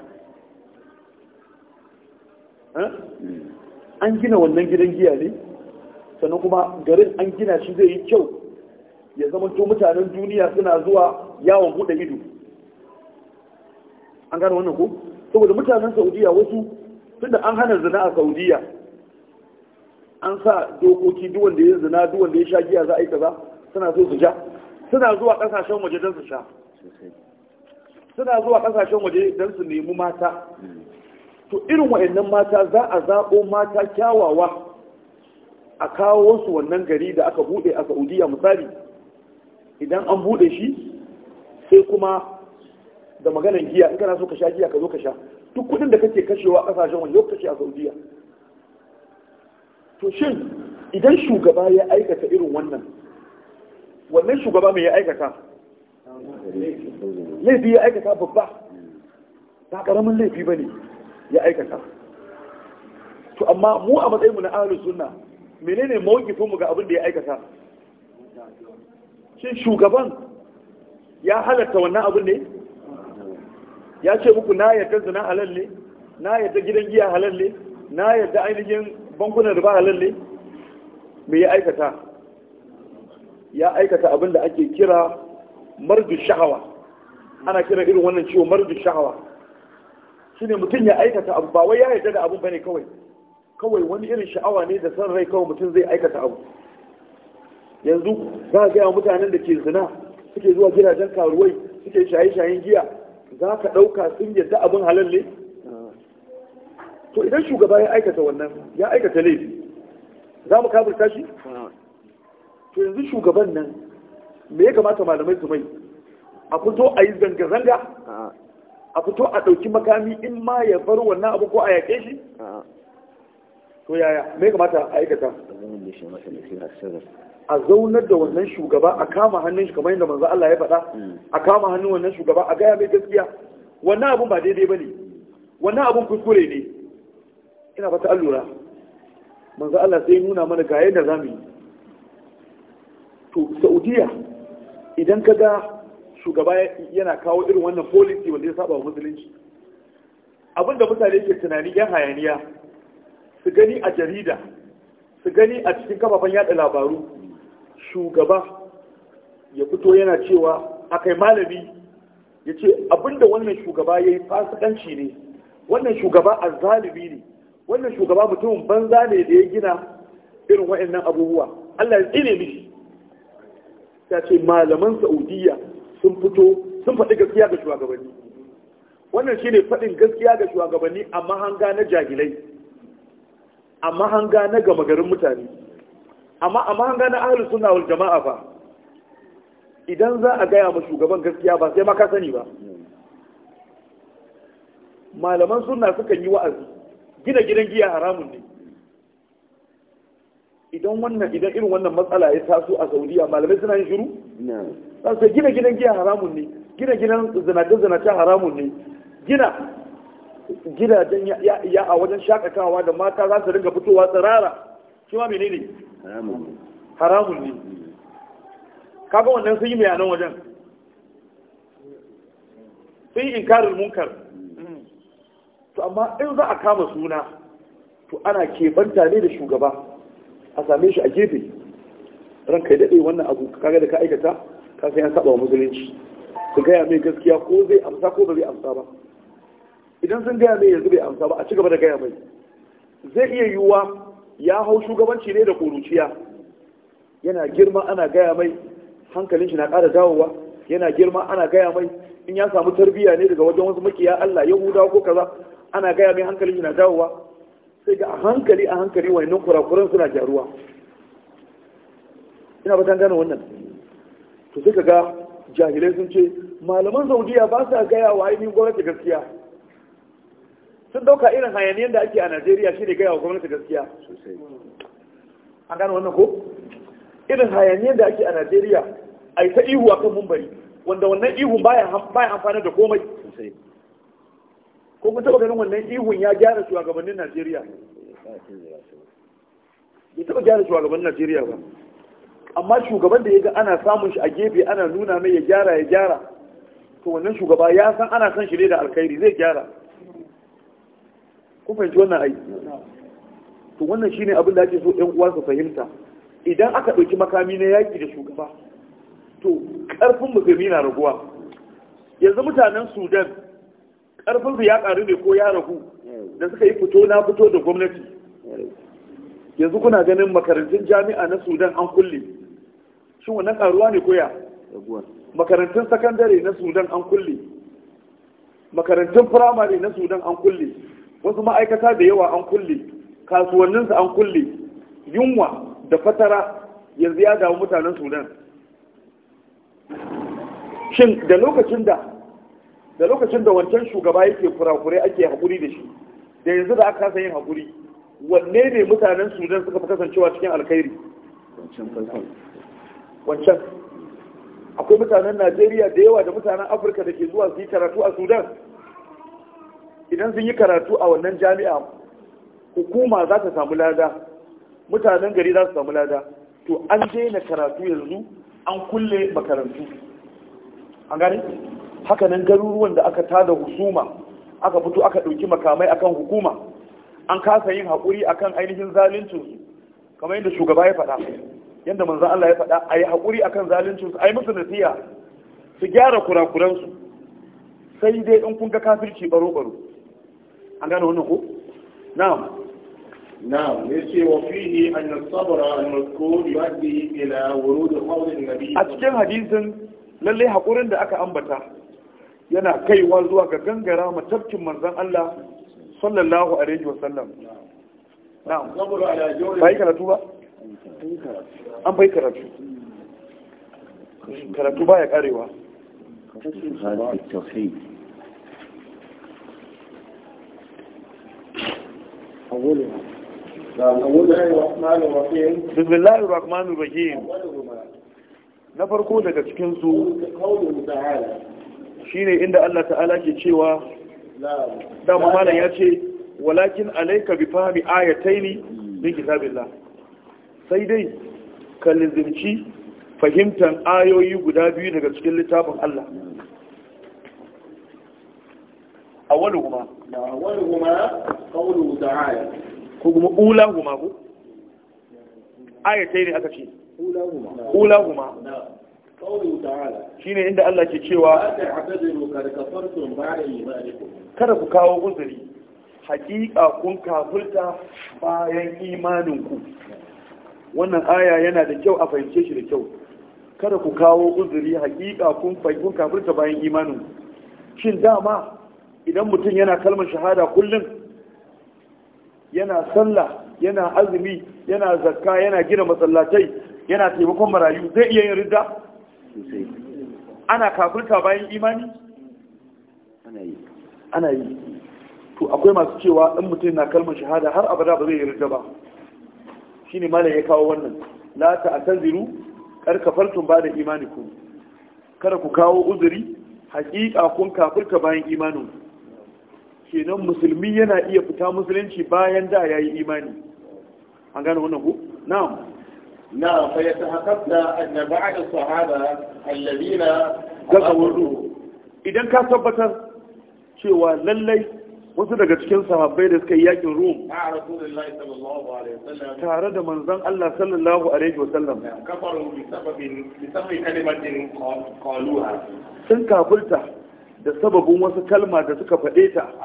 S1: an gina wannan gidan giya ne sannan kuma garin an gina shi zai yi kyau ya zama to mutanen duniya suna zuwa yawon buɗe ido an gano wannan ko saboda mutanen saudiya wasu tunda an hana zina a saudiya an sa dokoki duwanda ya zina duwanda ya sha giya za a yi kaza suna zuwa su suna zuwa kasashen waje don su sha suna zuwa kasashen waje don su nemi mata hmm. to irin wa'annan mata za a zaɓo mata kyawawa a kawo wasu wannan gari da aka buɗe a saudiya misali idan an buɗe shi sai kuma da maganan giya in kana so ka sha giya ka zo ka sha duk kudin da kake kashewa kasashen wani lokaci a saudiya to shin idan shugaba ya aikata irin wannan wannan shugaba mai ya aikata laifi ya aikata babba ba ƙaramin laifi ba ne ya aikata to amma mu a matsayinmu na ahalus sunna menene mawukifinmu ga abin da ya aikata shin shugaban ya halatta wannan abin ne ya ce muku na yadda zina halal ne na yadda gidan giya halal ne na yadda ainihin bankunan riba halal ne Mai ya aikata ya aikata abin da ake kira Marju shahawa ana kira irin wannan ciwo mardu shahawa ne mutum ya aikata abu ba wai ya yarda da abu bane kawai kawai wani irin sha'awa ne da san rai kawai mutum zai aikata abu yanzu za ga gaya mutanen da ke zina suke zuwa gidajen karuwai suke shaye-shayen giya za ka ɗauka sun yadda abin halal ne to idan shugaba ya aikata wannan ya aikata laifi za mu kafirta shi yanzu shugaban nan me ya kamata malamai su mai a fito a yi zanga-zanga a fito a ɗauki makami in ma ya bar wannan abu ko a yaƙe shi to yaya me ya kamata a aikata a zaunar da wannan shugaba a kama hannun shi kamar yadda manzo Allah ya faɗa mm. a kama hannun wannan shugaba a gaya mai gaskiya wannan abun ba daidai bane wannan abun kuskure ne ina fata allura manzo Allah sai nuna mana ga yadda zamu yi to saudiya idan ka ga shugaba yana kawo irin wannan policy wanda ya saba wa musulunci abinda mutane ke tunani yan hayaniya su gani a jarida su gani a cikin kafafen yada labaru shugaba ya fito yana cewa akai malami ya ce abinda wannan shugaba ya yi fasikanci ne wannan shugaba a zalibi ne wannan shugaba mutumin banza ne da ya gina irin wa'annan abubuwa Allah ya tsine mishi ta ce malaman saudiya sun fito sun faɗi gaskiya ga shugabanni wannan shi ne faɗin gaskiya ga shugabanni a mahanga na jahilai a mahanga na gama garin mutane amma a mahanga na ahalus suna wal jama'a ba idan za a gaya ma shugaban gaskiya ba sai ma ka sani ba malaman suna suka yi wa'azi gina gidan giya haramun ne idan wannan idan irin wannan matsala ya taso a saudiya malamai suna yin shiru sai gina gidan giya haramun ne gina gidan zanace-zanace haramun ne gina gidajen ya a wajen shakatawa da mata za su ringa fitowa tsirara shi ma menene haramun ne kaga wannan sun yi bayanan wajen sun yi inkarin munkar hmm. to amma in za a kama suna to ana keɓanta ne da shugaba a same shi a gefe ran kai daɗe wannan abu kaga da ka aikata ka ya saba wa musulunci su gaya mai gaskiya ko zai amsa ko ba zai amsa ba idan sun gaya mai yanzu bai amsa ba a ci gaba da gaya mai zai iya yiwuwa ya hau shugabanci ne da ƙuruciya yana girma ana gaya mai hankalin shi na ƙara dawowa yana girma ana gaya mai in ya samu tarbiyya ne daga wajen wasu makiya Allah Yahudawa ko kaza ana gaya mai hankalin shi na dawowa sai ga a hankali a hankali wayannan kurakuran suna jaruwa ina ba tangana wannan to sai ka ga jahilai sun ce malaman saudiya ba sa gaya wa ainihin gwamnati gaskiya sun dauka irin hayaniyar da ake a najeriya shi ne gaya wa gwamnati gaskiya an gano wannan ko irin hayaniyar da ake a najeriya a yi ta ihu a kan mumbari wanda wannan ihun baya amfani da komai ko kun taba ganin wannan ihun ya gyara shugabannin Najeriya ya taba gyara shugabannin Najeriya ba amma shugaban da ya ga ana samun shi a gefe ana nuna mai ya gyara ya gyara to wannan shugaba ya san ana son shi ne da alkhairi zai gyara ku fahimci wannan ai to wannan shine abin da ake so ɗan uwa su fahimta idan aka ɗauki makami na yaƙi da shugaba to ƙarfin mu na raguwa yanzu mutanen sudan su ya karu ne ko ya ragu da suka yi fito na fito da gwamnati yanzu kuna ganin makarantun jami'a na sudan an kulle shin wannan ƙaruwa ne koya makarantun sakandare na sudan an kulle makarantun firamare na sudan an kulle wasu ma'aikata da yawa an kulle kasuwanninsu an kulle yunwa da fatara yanzu ya damu mutanen sudan shin da lokacin da da lokacin da wancan shugaba yake kurakure ake haƙuri da shi da yanzu da aka kasa yin haƙuri wanne ne mutanen sudan suka fi kasancewa cikin alkhairi wancan akwai mutanen najeriya da yawa da mutanen afirka da ke zuwa su yi karatu a sudan idan sun yi karatu a wannan jami'a hukuma za ta samu lada mutanen gari za su samu lada to an daina karatu yanzu an kulle makarantu an gani hakanan garuruwan da aka tada husuma aka fito aka ɗauki makamai akan hukuma an kasa yin haƙuri akan ainihin zaluncinsu kamar yadda shugaba ya faɗa yadda manzan Allah ya faɗa a yi haƙuri akan zaluncinsu a yi musu nasiya su gyara kurakuransu sai dai in kun ga kafirci baro-baro an gane wannan ko na'am an يسي وفيه أن الصبر المذكور ila wurudu ورود قول A cikin hadisin lalle haƙurin da aka ambata yana kaiwa zuwa ga gangara ma manzan Allah sallallahu alaihi wasallam na'am yi karatu ba an bai karatu karatu ba ya karewa أولها bismillahi rahmanu rahim na farko daga cikinsu shine inda Allah ta'ala ke cewa da malam ya ce walakin alaika bi fahmi ayataini min kitabillah sai dai ka lizimci fahimtar ayoyi guda biyu daga cikin littafin Allah A wani kuma ta'ala ko kuma ku? Ayatai ne aka ce ula ulahuma Shi ne inda Allah ke cewa kada ku kawo uzuri hakika kun kafirta bayan imaninku wannan aya yana da kyau a fahimce shi da kyau kada ku kawo uzuri hakika kun kun bayan imaninku shin dama idan mutum yana kalmar shahada kullum yana sallah yana azumi yana zakka yana gina masallatai yana taimakon marayu zai iya yin ridda ana kafirta bayan imani ana yi ana yi to akwai masu cewa ɗan mutum na kalmar shahada har abada ba zai yarda ba shine malam ya kawo wannan la a kar kafartum ba da ku kada ku kawo uzuri hakika kun kafirta bayan imanin kenan musulmi yana iya fita musulunci bayan da yayi imani an gane wannan ku na'am نعم فيتحققنا أن بعد الصحابة الذين كفروا إذا كان ثبت للي wasu daga cikin sahabbai da suka yi yakin Rum tare da manzon Allah sallallahu alaihi wasallam sun kafirta da sababin wasu kalma da suka faɗe ta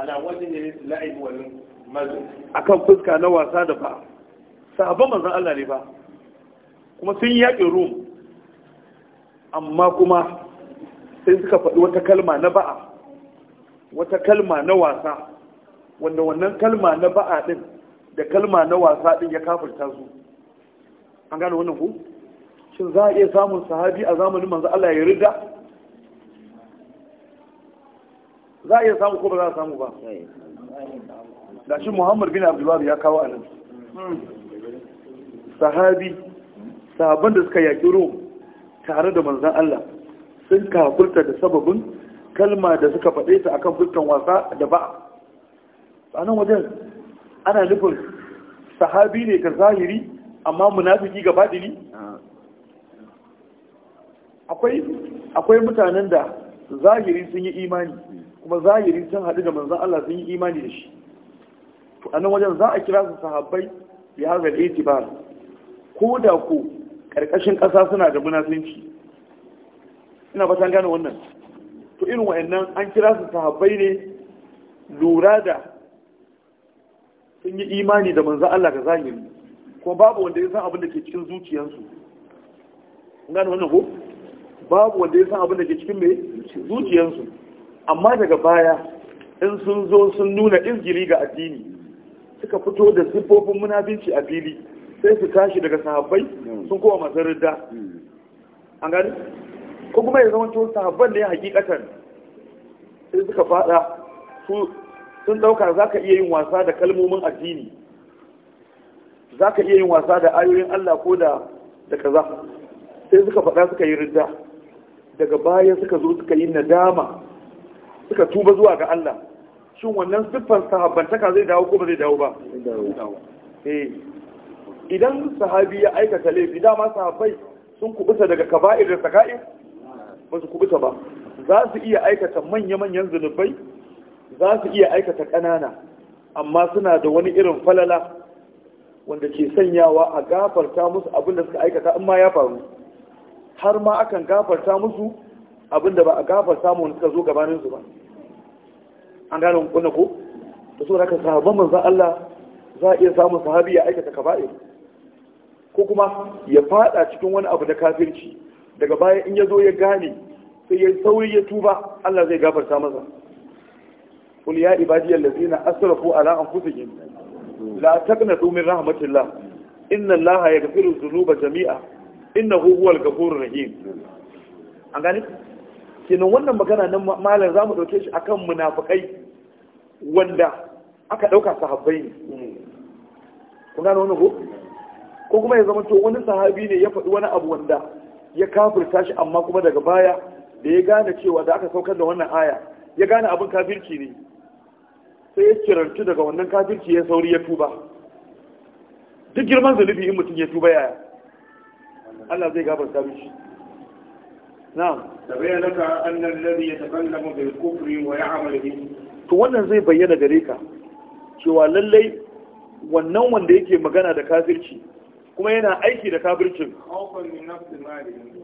S1: akan fuska na wasa da ba sahabban manzon Allah ne ba kuma sun yaƙi rum amma kuma sai suka faɗi wata kalma na ba'a wata kalma na wasa wanda wannan kalma na ba'a ɗin da kalma na wasa ɗin ya kafirta su an gane wannan ku shin za a iya samun sahabi a zamanin manzo Allah ya rida za a iya samu ko ba za a samu ba da shi Muhammad bin abdullahi ya kawo a nan. sahabi sahabban da suka yaƙi rom tare da manzan Allah sun kafurta da sababin kalma da suka faɗe ta akan fuskan wasa da ba a nan wajen ana nufin sahabi ne ka zahiri amma munafiki ga baɗini akwai mutanen da zahiri sun yi imani kuma zahiri sun haɗu da manzan Allah sun yi imani da shi to a nan wajen za a kira su sahabbai ya ga itibar ko da ku ƙarƙashin ƙasa suna da munafinci ina ba gane wannan to irin wa'annan an kira su sahabbai ne lura da sun yi imani da manzan Allah ga zahiri kuma babu wanda ya san abin da ke cikin zuciyansu gane wannan ko babu wanda ya san abin da ke cikin mai zuciyansu amma daga baya in sun zo sun nuna izgiri ga addini suka fito da siffofin munafinci a fili sai su tashi daga sahabbai hmm. sun kowa masu ridda hmm. an gani ko kuma ya zama cewa sahabban ne hakikatan sai suka fada su sun dauka za ka iya yin wasa da kalmomin addini za ka iya yin wasa da ayoyin Allah ko da kaza sai suka faɗa suka yi ridda daga baya suka zo suka yi nadama suka tuba zuwa ga Allah shin wannan siffar sahabbantaka zai dawo ko ba zai dawo ba eh idan sahabi ya aikata laifi dama sahabbai sun kubuta daga kaba'ir da saka'ir ba su kubuta ba za su iya aikata manya-manyan zunubai za su iya aikata ƙanana amma suna da wani irin falala wanda ke sanyawa a gafarta musu abin da suka aikata in ma ya faru har ma akan gafarta musu abin da ba a gafarta mu wani suka zo gabaninsu ba an gane wani ko da so da ka sahabban manzan Allah za a iya samun sahabi ya aikata kaba'ir ko kuma ya fada cikin wani abu da kafirci daga baya in ya zo ya gane sai ya sauri ya tuba Allah zai gafarta masa kul ya ibadiyal ladina asrafu ala anfusihim la taqnatu min rahmatillah inna allaha yaghfiru dhunuba jami'a innahu huwal ghafurur rahim an gane kenan wannan magana nan malam zamu dauke shi akan munafikai wanda aka dauka sahabbai ne kun gane wannan ko ko kuma ya zama to wani sahabi ne ya faɗi wani abu wanda ya kafirta shi amma kuma daga baya da ya gane cewa da aka saukar da wannan aya ya gane abin kafirci ne sai ya cirantu daga wannan kafirci ya sauri ya tuba duk girman zunubi in mutum ya tuba yaya Allah zai gafarta mishi na'am tabayya ka annal ladhi yatakallamu bil kufri wa ya'malu bihi to wannan zai bayyana gare ka cewa lallai wannan wanda yake magana da kafirci kuma yana aiki da kabircin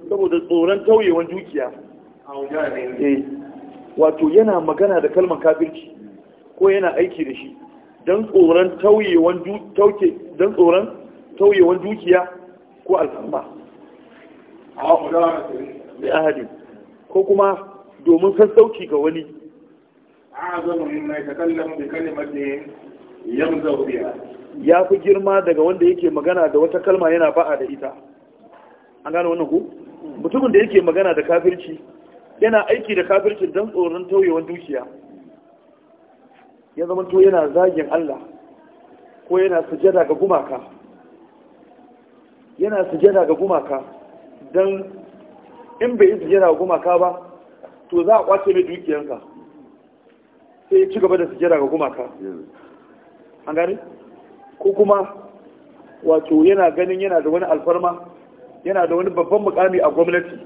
S1: saboda tsoron tauyewan dukiya eh, wato yana magana da kalmar kabirci ko yana aiki da shi don tsoron tauyewan dukiya ko alfamma ko kuma domin sassauci ga wani zama min na da bi da yamzahu biha ya fi girma daga wanda yake magana da wata kalma yana ba'a da ita an gano wannan ku mutumin da yake magana da kafirci yana aiki da kafirci don tsoron tauyewar dukiya ya zama to yana zagin Allah ko yana sujada ga gumaka yana sujada ga gumaka don in bai yi sujada ga gumaka ba to za a kwace mai dukiyarsa sai ya ci gaba da sujada ga gumaka an gane ko kuma wato yana ganin yana da wani alfarma yana da wani babban mukami a gwamnati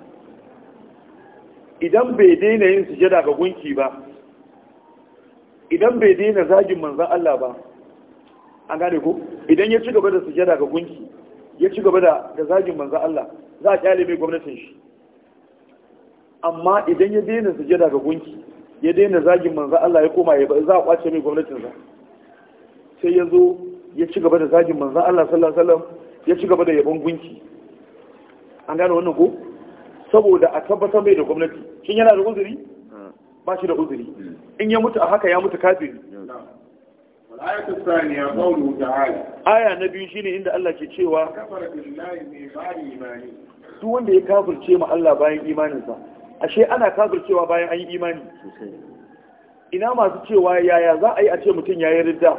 S1: idan bai daina yin sujada ga gunki ba idan bai daina zagin manzan Allah ba an gane ko idan ya ci gaba da sujada ga gunki ya ci gaba da zagin manzan Allah za a kyale mai gwamnatin shi amma idan ya daina sujada ga gunki ya daina zagin manzan Allah ya koma ya za a kwace mai gwamnatin sa sai ya zo ya ci gaba da zagin manzan Allah sallallahu alaihi wasallam ya ci gaba da yabon gunki an gane wannan ko saboda a tabbatar mai da gwamnati shin yana da uzuri ba shi da uzuri in ya mutu a haka ya mutu kafiri aya na biyu shine inda Allah ke cewa duk wanda ya kafirce ma Allah bayan imaninsa ashe ana kafircewa bayan an yi imani ina masu cewa yaya za a yi a ce mutum ya yi ridda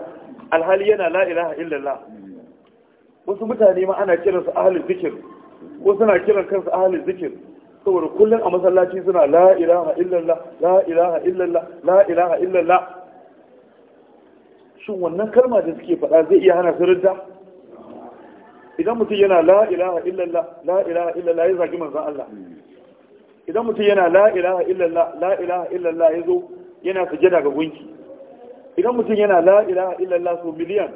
S1: alhali yana la'ilaha illallah wasu mutane ma ana kiransu ahalin zikir ko suna kiran kansu ahalin zikir saboda kullum a masallaci suna la'ilaha illallah la'ilaha illallah la'ilaha illallah shin wannan kalma da suke faɗa zai iya hana su ridda idan mutum yana la'ilaha illallah la'ilaha illallah ya zagi manzon Allah idan mutum yana la'ilaha illallah la'ilaha illallah ya zo yana su ga gunki idan mutum yana la’ira a illallah so miliyan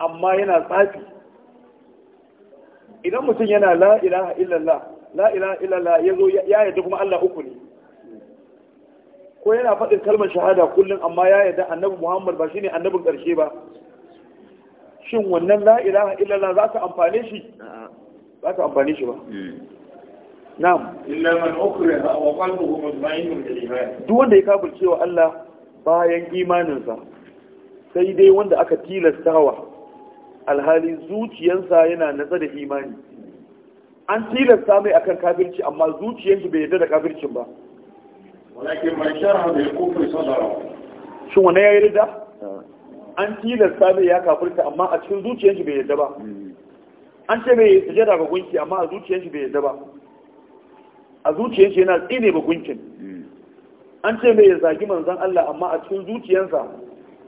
S1: amma yana tsafi idan mutum yana la’ira a illallah la’ira a illallah ya zo ya yadda kuma Allah uku ne ko yana faɗin kalmar shahada kullum amma ya yadda annabi Muhammad ba shi ne annabin ƙarshe ba shin wannan la ilaha illallah za ta amfane shi za ta amfane shi ba hmm. Nam. illa man ukriha wa qalbuhu mutma'innun bil iman duk wanda ya kafirce wa Allah bayan imaninsa sai dai wanda aka tilastawa alhali zuciyarsa yana natsa da imani an tilasta mai akan kafirci amma zuciyarsa bai yarda da kafircin ba walakin man sharha bil kufri sadara shin wani yayi rida ah. an tilasta mai ya kafirta amma a cikin zuciyarsa bai yarda ba hmm. an ce mai sujada ga gunki amma a zuciyarsa bai yarda ba a zuciyarsa yana tsine ba gunkin hmm. an ce mai zagi manzon Allah amma a cikin zuciyarsa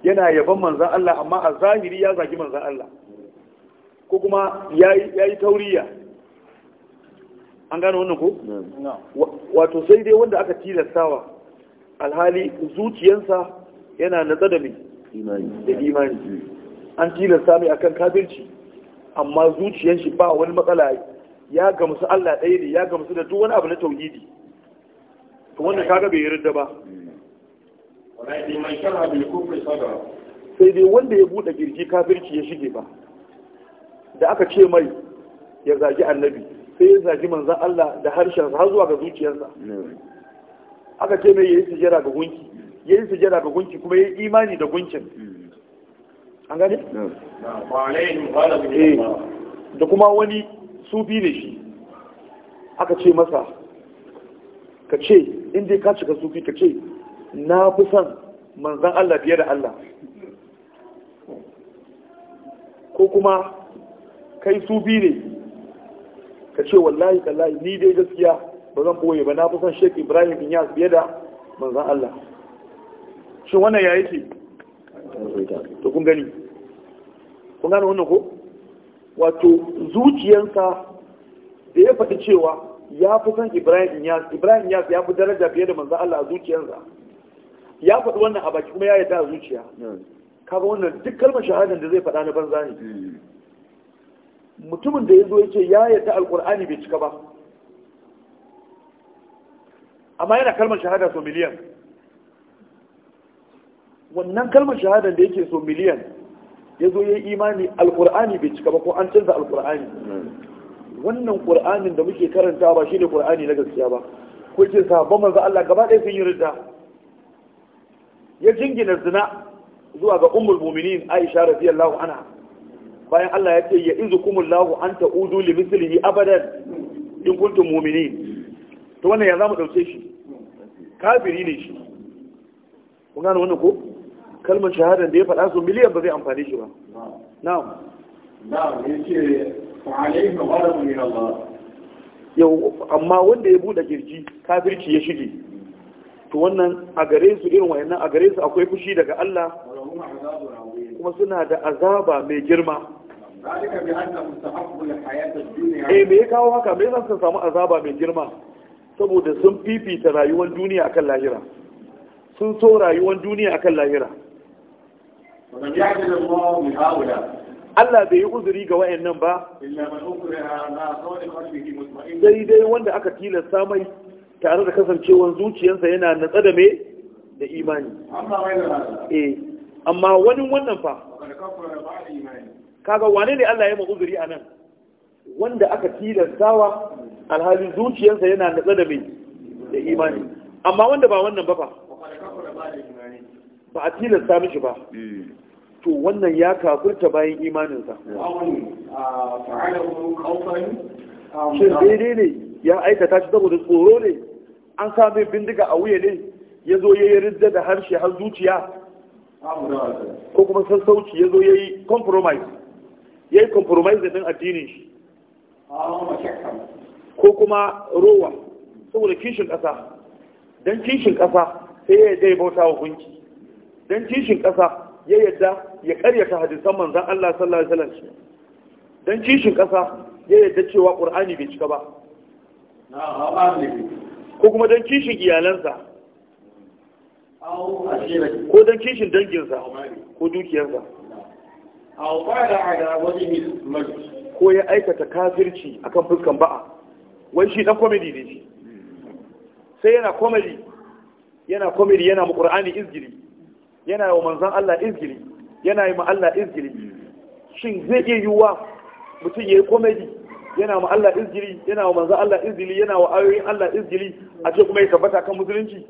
S1: yana yaban manzan Allah amma a zahiri ya zagi manzan Allah ko kuma ya yi tauriya an gano wannan ko? wato sai dai wanda aka tilastawa alhali zuciyarsa yana na da mai da imani an tilasta mai akan kafirci amma zuciyanshi ba wani matsala ya gamsu Allah ɗaya ne ya gamsu da duk wani abu na tauhidi to wanda kaga bai yarda ba mm. sai dai wanda ya buɗe girgi kafirci ya shige ba da aka ce mai ya zagi annabi sai ya zagi manzan Allah da harshensa har zuwa ga zuciyarsa aka ce mai ya yi sujera ga gunki ya yi sujera ga gunki kuma ya yi imani da gunkin an gane? Eh, da kuma wani sufi ne shi aka ce masa ka ce inda ka shiga sufi ka ce na fi son manzan Allah fiye da Allah ko kuma kai su bi ne ka ce wallahi kallahi ni dai gaskiya ba zan boye ba na fi son Sheikh Ibrahim bin Yas fiye da manzan Allah shin wannan ya yake to kun gani kun gani wannan ko wato zuciyarsa da ya faɗi cewa ya fi son Ibrahim Yas Ibrahim Yas ya fi daraja fiye da manzan Allah a zuciyarsa ya faɗi wannan a baki kuma ya yarda a zuciya kaga wannan duk kalmar shahadar da zai faɗa na banza ne hmm. mutumin da ya zo ya ce ya yarda alƙur'ani bai cika ba amma yana kalmar shahada so miliyan wannan kalmar shahadar da yake so miliyan ya zo ya yi imani alƙur'ani bai cika ba ko an canza alƙur'ani wannan ƙur'anin da muke karanta ba shi ne ƙur'ani na gaskiya ba ko ce sabon manzo Allah gaba ɗaya sun yi ridda ya jingina zina zuwa ga ummul mu'minin Aisha radiyallahu anha bayan Allah ya ce ya kumullahu an udu li mislihi abadan in kuntum mu'minin to wannan ya zamu dauke shi kafiri ne shi kun gane wannan ko kalmar shahadar da ya faɗa su miliyan ba zai amfani shi ba na'am na'am yace fa'alayhi ghadabun min Allah yau amma wanda ya bude kirji kafirci ya shige to wannan a gare su irin wayannan a gare su akwai fushi daga Allah kuma suna da azaba mai girma eh me ya kawo haka me yasa sun samu azaba mai girma saboda sun fifita rayuwar duniya akan lahira sun so rayuwar duniya akan lahira Allah bai yi uzuri ga wayannan ba sai dai wanda aka tilasta mai tare da kasancewar zuciyarsa yana natsa da mai da imani eh, amma wani wannan fa kaga wane ne Allah ya ma uzuri anan wanda aka tilastawa alhalin zuciyarsa yana natsa da mai da imani amma wanda ba wannan ba fa ba a tilasta mishi ba hmm. to wannan ya kafurta bayan imaninsa shin daidai ne ya aikata shi saboda tsoro ne an sa bindiga a wuya ne ya zo ya yi da harshe har zuciya ko kuma sassauci ya zo ya yi compromise ya yi compromise din addinin shi ko kuma rowa saboda kishin ƙasa don kishin ƙasa sai ya yadda ya bauta wa gunki don kishin ƙasa ya yadda ya karyata hadisan manzan Allah sallallahu alaihi wasallam don kishin ƙasa ya yadda cewa ƙur'ani bai cika ba ko kuma don kishin iyalansa ko don kishin danginsa ko dukiyarsa ko ya aikata kafirci akan fuskan ba'a wai shi ɗan komedi ne shi sai yana komedi yana komedi yana mu qur'ani izgiri yana wa manzon Allah izgiri yana yi ma Allah izgili shin zai iya yiwuwa mutum ya yi komedi yana wa Allah izgili yana wa manzo Allah izgili yana wa ayoyin Allah izgili a ce kuma ya tabbata kan musulunci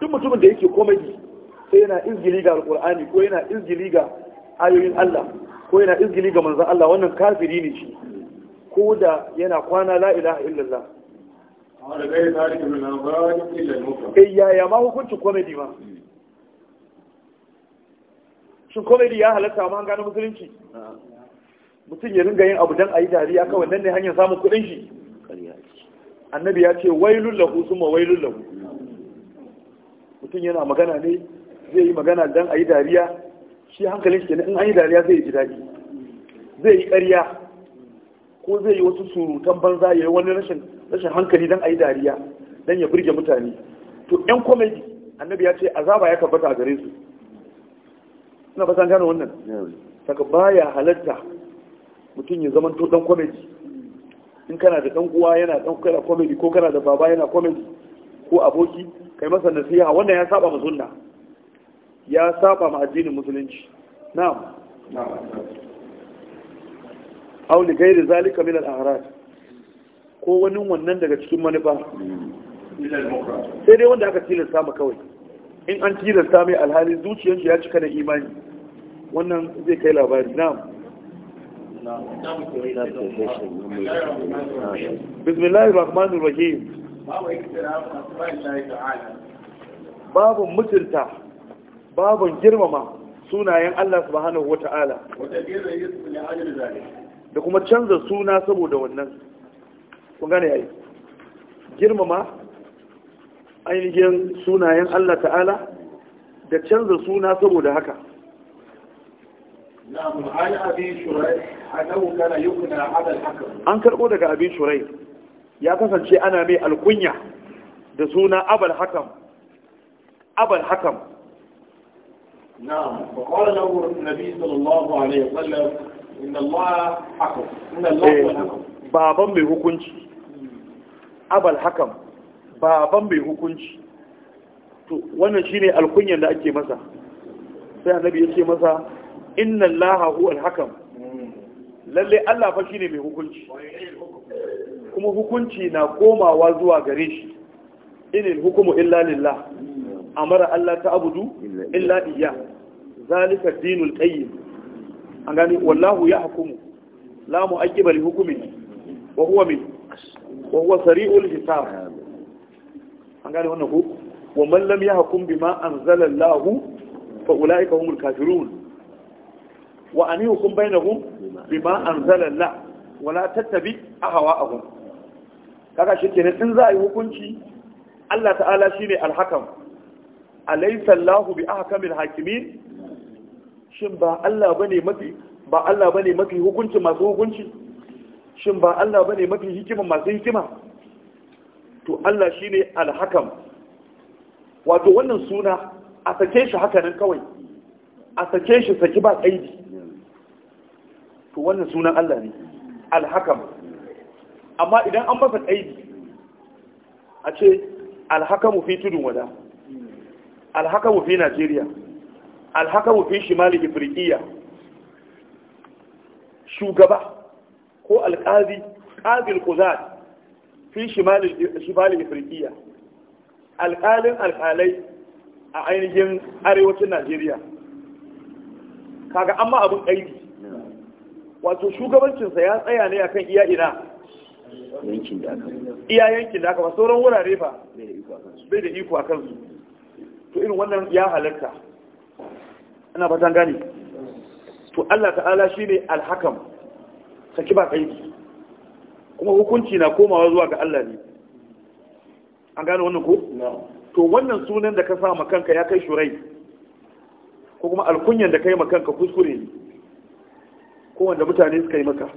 S1: duk mutumin da yake komai sai yana izgili ga alqur'ani ko yana izgili ga ayoyin Allah ko yana izgili ga manzo Allah wannan kafiri ne shi ko da yana kwana la ilaha illallah eh yaya ma hukuncin komedi ma shin komedi ya halatta ma an gano musulunci mutum ya ringa yin abu dan yi dariya kawai nan ne hanyar samun kudin shi annabi ya ce wai wailul lahu wai wailul ku? mutum yana magana ne zai yi magana dan yi dariya shi hankalin shi in an yi dariya zai ji daɗi zai yi ƙarya ko zai yi wasu surutan banza ya yi wani rashin rashin hankali dan ayi dariya dan ya burge mutane to yan komedi annabi ya ce azaba ya tabbata a gare su ina fatan gane wannan saka baya halatta mutum ya zama dan comedy in kana da dan uwa yana dan kana comedy ko kana da baba yana comedy ko aboki kai masa nasiha wannan ya saba ma sunna ya saba ma addinin musulunci na'am aw li da zalika min al-a'rad ko wani wannan daga cikin manufa sai dai wanda aka tilasta ma kawai in an tilasta mai alhali zuciyarsa ya cika da imani wannan zai kai labari na'am بسم الله الرحمن الرحيم باب متلتا باب جرمما sunayen Allah subhanahu wata'ala da kuma canza suna saboda wannan kun gane yayi girmama ainihin sunayen Allah ta'ala da canza suna saboda haka na'am ala abi shuraih an karɓo daga abin shurai ya kasance ana mai alkunya da suna abal hakam abal hakam na'am faƙwara na wurin sallallahu alaihi wasallam inna Allah eh, baban mai hukunci abal hakam baban mai hukunci to wannan shine alkunyan da ake masa sai annabi yake masa inna Allah huwa al-hakam lalle Allah fa shine mai hukunci kuma hukunci na komawa zuwa gare shi inil hukumu illa lillah amara Allah ta abudu illa iya zalika dinul qayyim an gani wallahu ya yahkumu la mu'aqqiba li hukmihi wa huwa min wa huwa sari'ul hisab an gani wannan ku wa man lam yahkum bima anzala Allah fa ulaika humul kafirun wa aniyukum bainahum bima la. wala tattabi ahwa'ahum kaga shi kenan in za a yi hukunci Allah ta'ala shine al-hakam alaysa Allahu bi ahkamil hakimin shin ba Allah bane mafi ba Allah bane mafi hukunci masu hukunci shin ba Allah ba ne mafi hikima masu hikima to Allah shi ne hakam wato wannan suna a sake shi haka nan kawai a sake shi saki ba kaidi to wannan sunan Allah ne alhakam amma idan an masa kaidi a ce alhakamu fi tudun wada alhakamu fi Najeriya alhakamu fi shimali Afirkiya shugaba ko alƙazi ƙazil kuzat fi shimali Afirkiya alƙalin alƙalai a ainihin arewacin Najeriya kaga amma abin kaidi wato shugabancinsa ya tsaya ne akan iya ina yankin da iya yankin da aka ba sauran wurare ba bai da iko a kansu to irin wannan ya halarta ana fatan gani to Allah ta'ala shine alhakam saki ba kai kuma hukunci na komawa zuwa ga Allah ne an gane wannan ko to wannan sunan da ka sa ma kanka ya kai shurai ko kuma alkunyan da kai ma kanka kuskure ne ko wanda mutane suka yi maka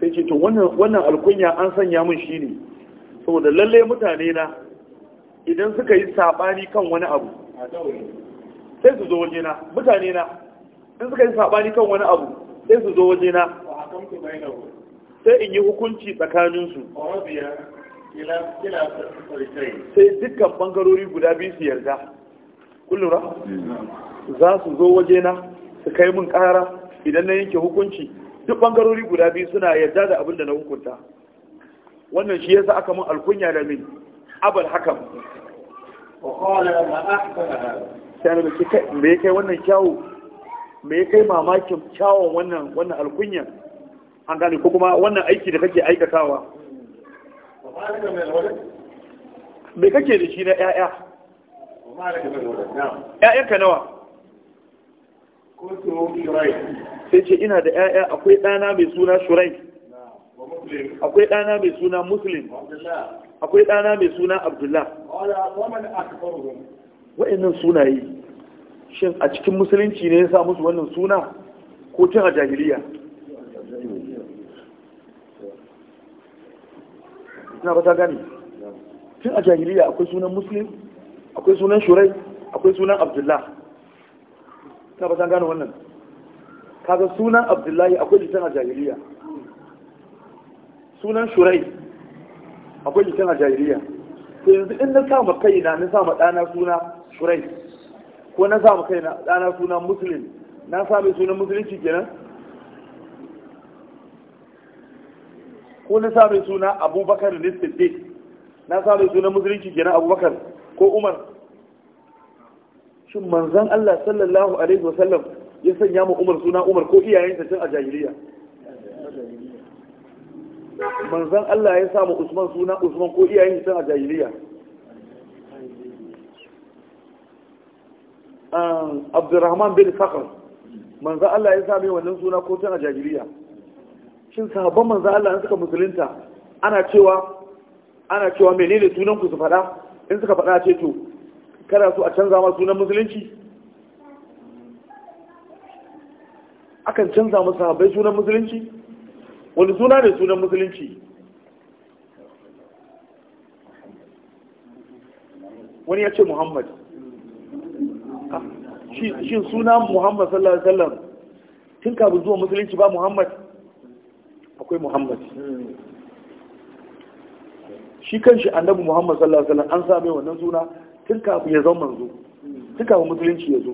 S1: sai ce to wannan alkunya an sanya mun shi ne saboda lalle mutane na idan suka yi saɓani kan wani abu sai su zo waje na mutane na in suka yi saɓani kan wani abu sai su zo waje na sai in yi hukunci tsakaninsu sai dukkan bangarori guda biyu su yarda kullum ra? Mm. za su zo wajena su kai min ƙara idan na yanke hukunci duk ɓangarori guda biyu suna yarda da abin da na hukunta wannan shi yasa aka mun alkunya da min abal hakam sai da ke kai me kai wannan kyawu me kai mamakin kyawun wannan wannan alkunya an gane ko kuma wannan aiki da kake aikatawa me kake da shi na ƴaƴa ƴaƴanka nawa sai ce ina da 'ya'ya akwai ɗana mai suna shurai akwai ɗana mai suna muslim akwai ɗana mai suna abdullah wa'annan sunaye shin a cikin musulunci ne ya sa musu wannan suna ko tun a jahiliya suna ba ta gani tun a jahiliya akwai sunan muslim akwai sunan shurai akwai sunan abdullah ta ba wannan kaga sunan abdullahi akwai jikin a jahiliya sunan shurai akwai jikin a jahiliya to yanzu in na sama kaina na sama dana suna shurai ko na sama kaina dana suna musulun na sami sunan musulunci kenan ko na sami suna abubakar ne siddiq na sami sunan musulunci kenan abubakar ko umar shin manzan Allah sallallahu alaihi wasallam ya sanya mu Umar suna Umar ko iyayensa tun a jahiliya Manzan Allah ya sa mu Usman suna Usman ko iyayensa tun a jahiliya Abdurrahman bin Sakhr manzan Allah ya sa mai wannan suna ko tun a jahiliya shin sahabban manzan Allah suka musulunta ana cewa ana cewa menene sunan ku su faɗa in suka faɗa ce to kana so a canza ma sunan musulunci akan canza musu sahabbai sunan musulunci wani suna ne sunan musulunci wani ya ce muhammad ah, shi suna muhammad sallallahu alaihi wasallam tun kafin zuwa musulunci ba muhammad akwai muhammad shi kan shi annabi muhammad sallallahu alaihi wasallam an same wannan suna tun kafin ya zama manzo tun kafin musulunci ya zo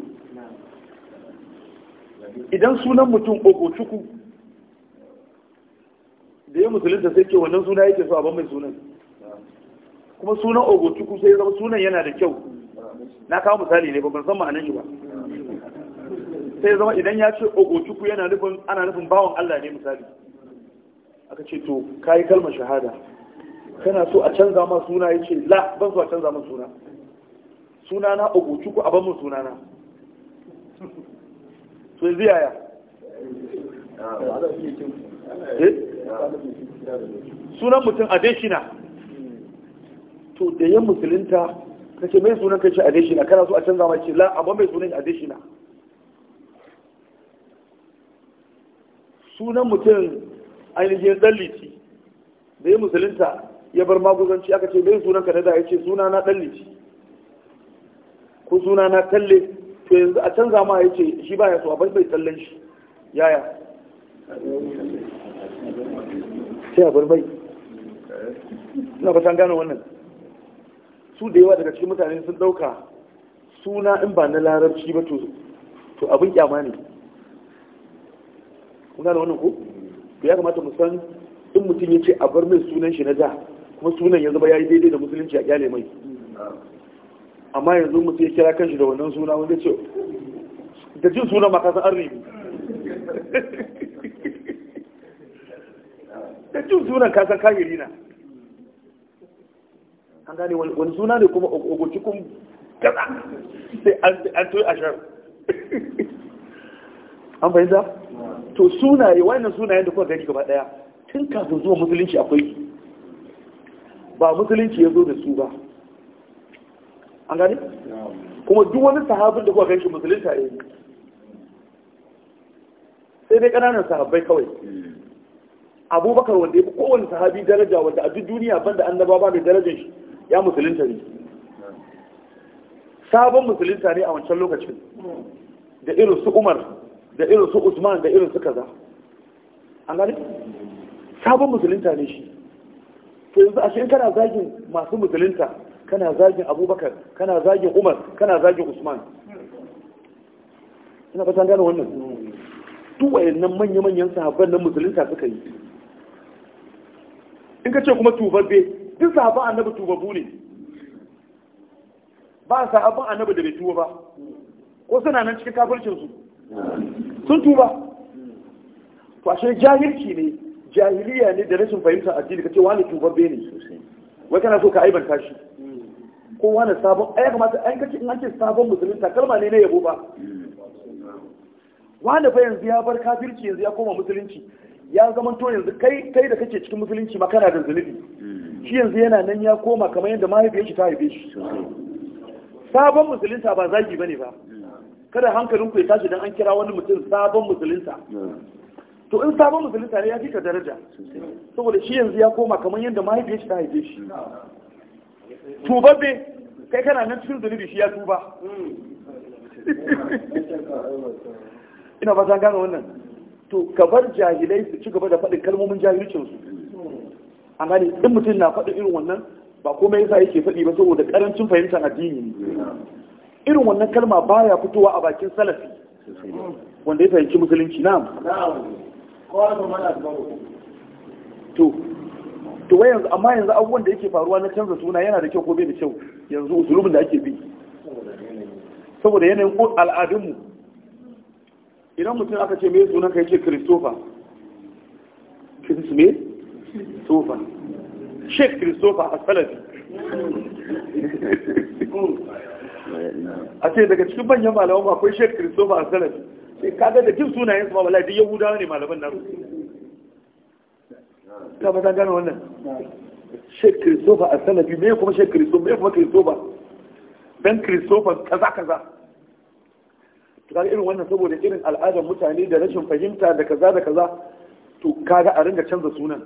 S1: idan sunan mutum Cuku da ya musulunta sai ke wannan suna yake so a mai sunan kuma sunan Cuku sai zama sunan yana da kyau na kawo misali ne ban san ma'anar shi ba sai zama idan ya ce Cuku yana nufin ana nufin bawan Allah ne misali aka ce to kayi kalmar shahada kana so a canza ma suna yace la ban so a canza ma suna sunana ogochukwu a bamu sunana su yanzu yaya eh? sunan mutum a adeshina to da musulinta musulunta ce mai sunan kace adeshina kana so a canza ma ce la amma mai sunan a adeshina sunan mutum ainihin dalliti da ya musulunta ya bar magudanci aka ce mai sunan ka da ya ce suna na dalliti ko suna na talle to yanzu a canza ma ya ce shi baya so a bai tallan tallen shi yaya sai a bar na ina fatan gane wannan su da yawa daga cikin mutane sun dauka suna in ba na larabci ba to abin kyama ne kun gane wannan ko ya kamata mu san in mutum ya ce a bar mai sunan shi na da kuma sunan ya ba ya yi daidai da musulunci a kyale mai amma yanzu mutum ya kira kanshi da wannan suna wanda ce da jin suna makasan arziki da jin suna kasan kagiri na an gane wani suna ne kuma ogocikun gaza sai an toyi ashar an za? to sunaye wayannan sunayen da kuma gani gaba daya tun kafin zuwa musulunci akwai ba musulunci ya zo da su ba an gani kuma duk wani sahabin da kuka musulun musulunta ne sai dai ƙananan sahabbai kawai abubakar wanda ya fi kowane sahabi daraja wanda a duk duniya banda annaba ba mai darajar shi ya musulunta ne sabon musulunta ne a wancan lokacin da irin su umar da irin su usman da irin su kaza an gani sabon musulunta ne shi to yanzu a kana zagin masu musulunta kana zagin abubakar kana zagin umar kana zagin usman ina fasa gane wannan duk nan manya-manyan sahabban nan musulunta suka yi in ka ce kuma tubabbe duk sahabban annabi tubabu ne ba sahabban annabi da bai tuba ba ko suna nan cikin kafircinsu sun tuba to ashe jahilci ne jahiliya ne da rashin fahimtar addini ka ce wani tubabbe ne sosai wai kana so ka aibanta shi kowa na sabon ya kamata an kace in an ce sabon musulunta kalma ne na yabo ba wanda fa yanzu ya bar kafirci yanzu ya koma musulunci ya zama to yanzu kai kai da kake cikin musulunci ma kana da zunubi shi yanzu yana nan ya koma kamar yadda mahaifiyar shi ta haife shi sabon musulunta ba zagi bane ba kada hankalin ku ya tashi dan an kira wani mutum sabon musulunta to in sabon musulunta ne ya fi ka daraja saboda shi yanzu ya koma kamar yadda mahaifiyar shi ta haife shi tubabbe kai kana nan cikin zunubi shi ya tuba ina ba ta gane wannan to ka bar jahilai su ci gaba da faɗin kalmomin jahilcin su an gane in mutum na faɗin irin wannan ba komai yasa yake faɗi ba saboda ƙarancin fahimtar addini irin wannan kalma baya fitowa a bakin salafi wanda ya fahimci musulunci na to to yanzu amma yanzu abubuwan da yake faruwa na canza suna yana da kyau ko bai da kyau yanzu usulubin da ake bi saboda yanayin al'adunmu idan mutum aka ce mai sunan ka yake christopher christmas sofa sheik christopher a salafi a ce daga cikin banyan malaman akwai sheik christopher a salafi sai kaga da jin sunayen su mawala da yahudawa ne malaman nan ta ba ta gane wannan Sheikh Christopher a salafi me kuma shek Christopher, me kuma Christopher. dan Christopher kaza kaza to kaga irin wannan saboda irin al'adar mutane da rashin fahimta da kaza da kaza to kaga a ringa canza sunan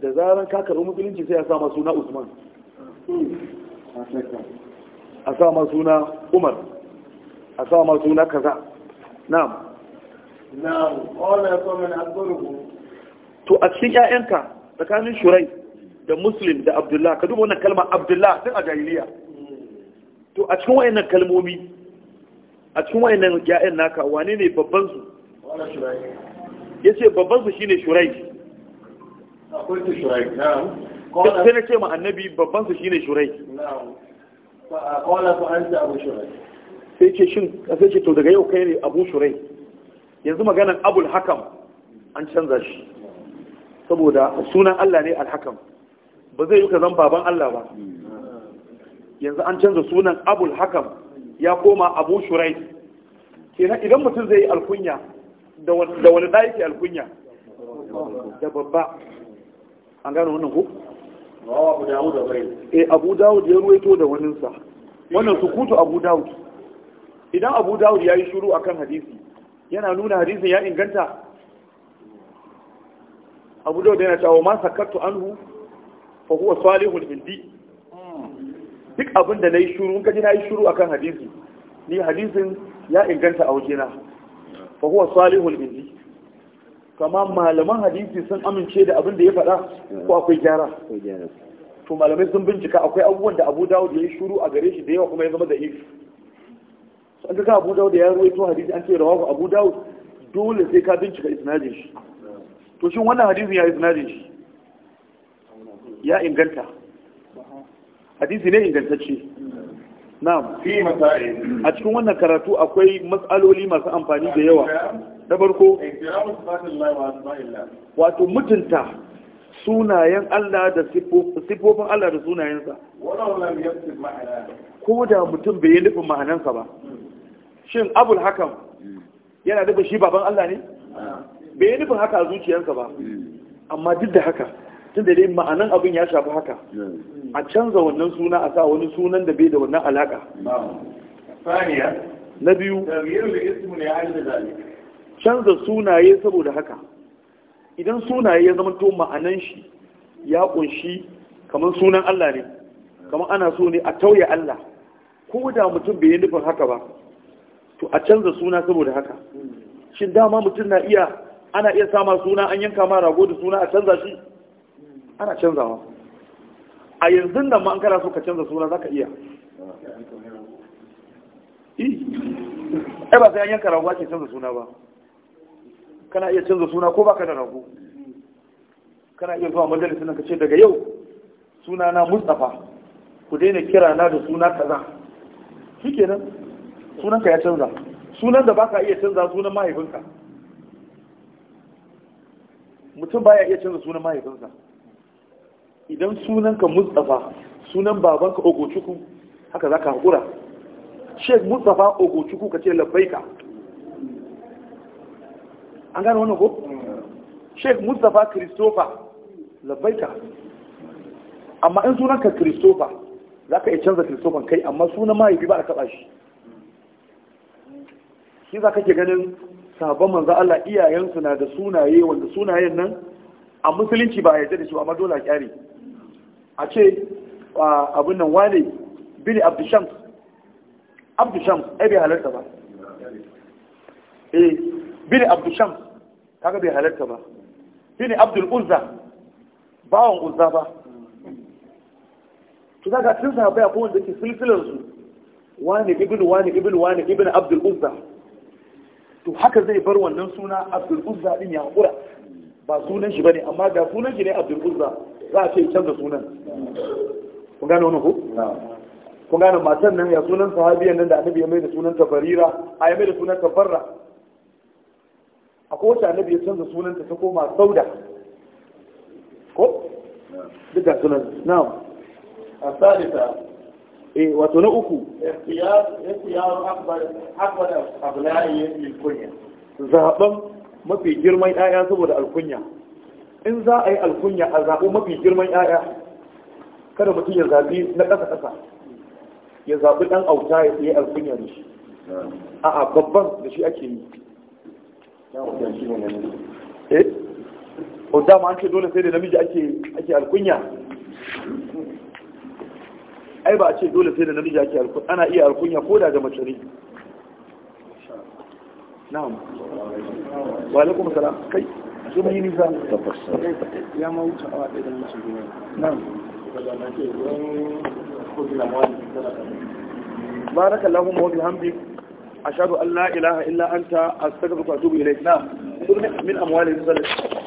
S1: da zaran ka karɓi musulunci sai a sa ma suna usman a sa ma suna umar a sa ma suna kaza na'am na'am qala fa man to a cikin ƴaƴanka tsakanin shurai da muslim da abdullah ka duba wannan kalma abdullah tun a jahiliya to a cikin wayannan kalmomi a cikin wayannan ya'yan naka wane ne babban su ya ce babban su shine shurai sai na ce ma annabi babban su shine shurai sai ce shin sai ce to daga yau kai ne abu shurai yanzu maganan abul hakam an canza shi saboda sunan Allah ne al-hakam ba zai yi ka zan baban Allah ba yanzu an canza sunan abul hakam ya koma abu shurai kenan idan mutum zai yi alkunya da wani ɗaya ke alkunya da babba an gano wannan ku? eh abu dawud ya ruwaito da waninsa wannan su kutu abu dawud idan abu dawud ya yi shuru akan hadisi yana nuna hadisin ya inganta abu dawud yana cewa ma sakattu anhu fa huwa salihul indi duk abin da nayi shuru in kaji nayi shuru akan hadisi ni hadisin ya inganta a wajena fa huwa salihul indi kama malaman hadisi sun amince da abin da ya faɗa ko akwai gyara to malamai sun bincika akwai abubuwan da Abu Dawud ya yi shuru a gare shi da yawa kuma ya zama da ifi an ga Abu Dawud ya ruwaito hadisi an ce rawahu Abu Dawud dole sai ka bincika isnadin shi to shin wannan hadisi ya isnadin shi ya inganta hadisi ne ingantacce na a cikin wannan karatu akwai matsaloli masu amfani da yawa da barko wato mutunta sunayen Allah da sifofin Allah da sunayensa ko da mutum bai yi nufin ma'anansa ba shin abul hakan yana nufin shi baban Allah ne bai yi nufin haka a zuciyarsa ba hmm. amma duk da haka tun da dai ma'anan abin ya shafi haka hmm. a canza wannan suna a sa wani sunan da bai da wannan alaka na biyu canza sunaye saboda haka idan sunaye ya zama to ma'anan shi ya kunshi kamar sunan Allah ne kamar ana so ne a tauye Allah ko da mutum bai yi nufin haka ba to a canza suna saboda haka hmm. shin dama mutum na iya ana iya sama suna an yanka ma rago da suna a canza shi ana canzawa a yanzu nan ma an kara so ka canza suna za ka iya ai ba sai an yanka rago ake canza suna ba kana iya canza suna ko baka da rago kana iya zuwa majalisun nan ka ce daga yau suna na mustapha ku daina kira na da suna kaza shikenan sunan ka ya canza sunan da baka iya canza sunan mahaifinka mutum baya iya canza sunan mahaifinsa idan sunanka mustapha sunan babanka ogochukwu haka za ka haƙura sheik mustapha ogochukwu ka ce labbaika an gane wannan ko sheik mustapha christopher labbaika amma in sunanka christopher za ka iya canza christopher kai amma sunan mahaifi ba a taɓa shi shi za ka ke ganin sabon manzo Allah iyayensu na da sunaye wanda sunayen nan a musulunci ba a yadda da shi amma dole a kyare a ce abin nan wane bili abdushams abdushams ai bai halarta ba eh bili abdushams kaga bai halarta ba bili abdul uzza bawon uzza ba to kaga tun sahabbai akwai wanda ke silsilar su wani ibn wani ibn wani ibn abdul uzza to haka zai bar wannan suna abdul uzza din ya hakura ba sunan shi bane amma ga sunan shi ne abdul uzza za a ce canza sunan kun gane wani ku kun gane matan nan ya sunan sahabiyan nan da annabi ya mai da sunan tabarira a ya mai da sunan tabarra akwai wacce annabi ya canza sunan ta koma sauda ko duk da sunan a asalita eh wato na uku ya ikhtiyar ikhtiyar abu akbar abla'i lil kunya zaɓen mafi girman ɗaya saboda alkunya in za a yi alkunya a zaɓo mafi girman 'ya'ya kada mutum ya zaɓi na ƙasa ƙasa ya zaɓi ɗan auta ya yi alkunya da shi a'a babban da shi ake yi eh o dama an ce dole sai da namiji ake alkunya ai ba a ce dole sai da namiji ake alkunya ana iya alkunya ko da ga mace ne na'am wa alaikum kai su mai nisa tabbas ya ma wuce awa ɗaya da mutum gina nan بارك اللهم وبحمدك أشهد أن لا إله إلا أنت أستغفرك وأتوب إليك نعم من أموالهم صلى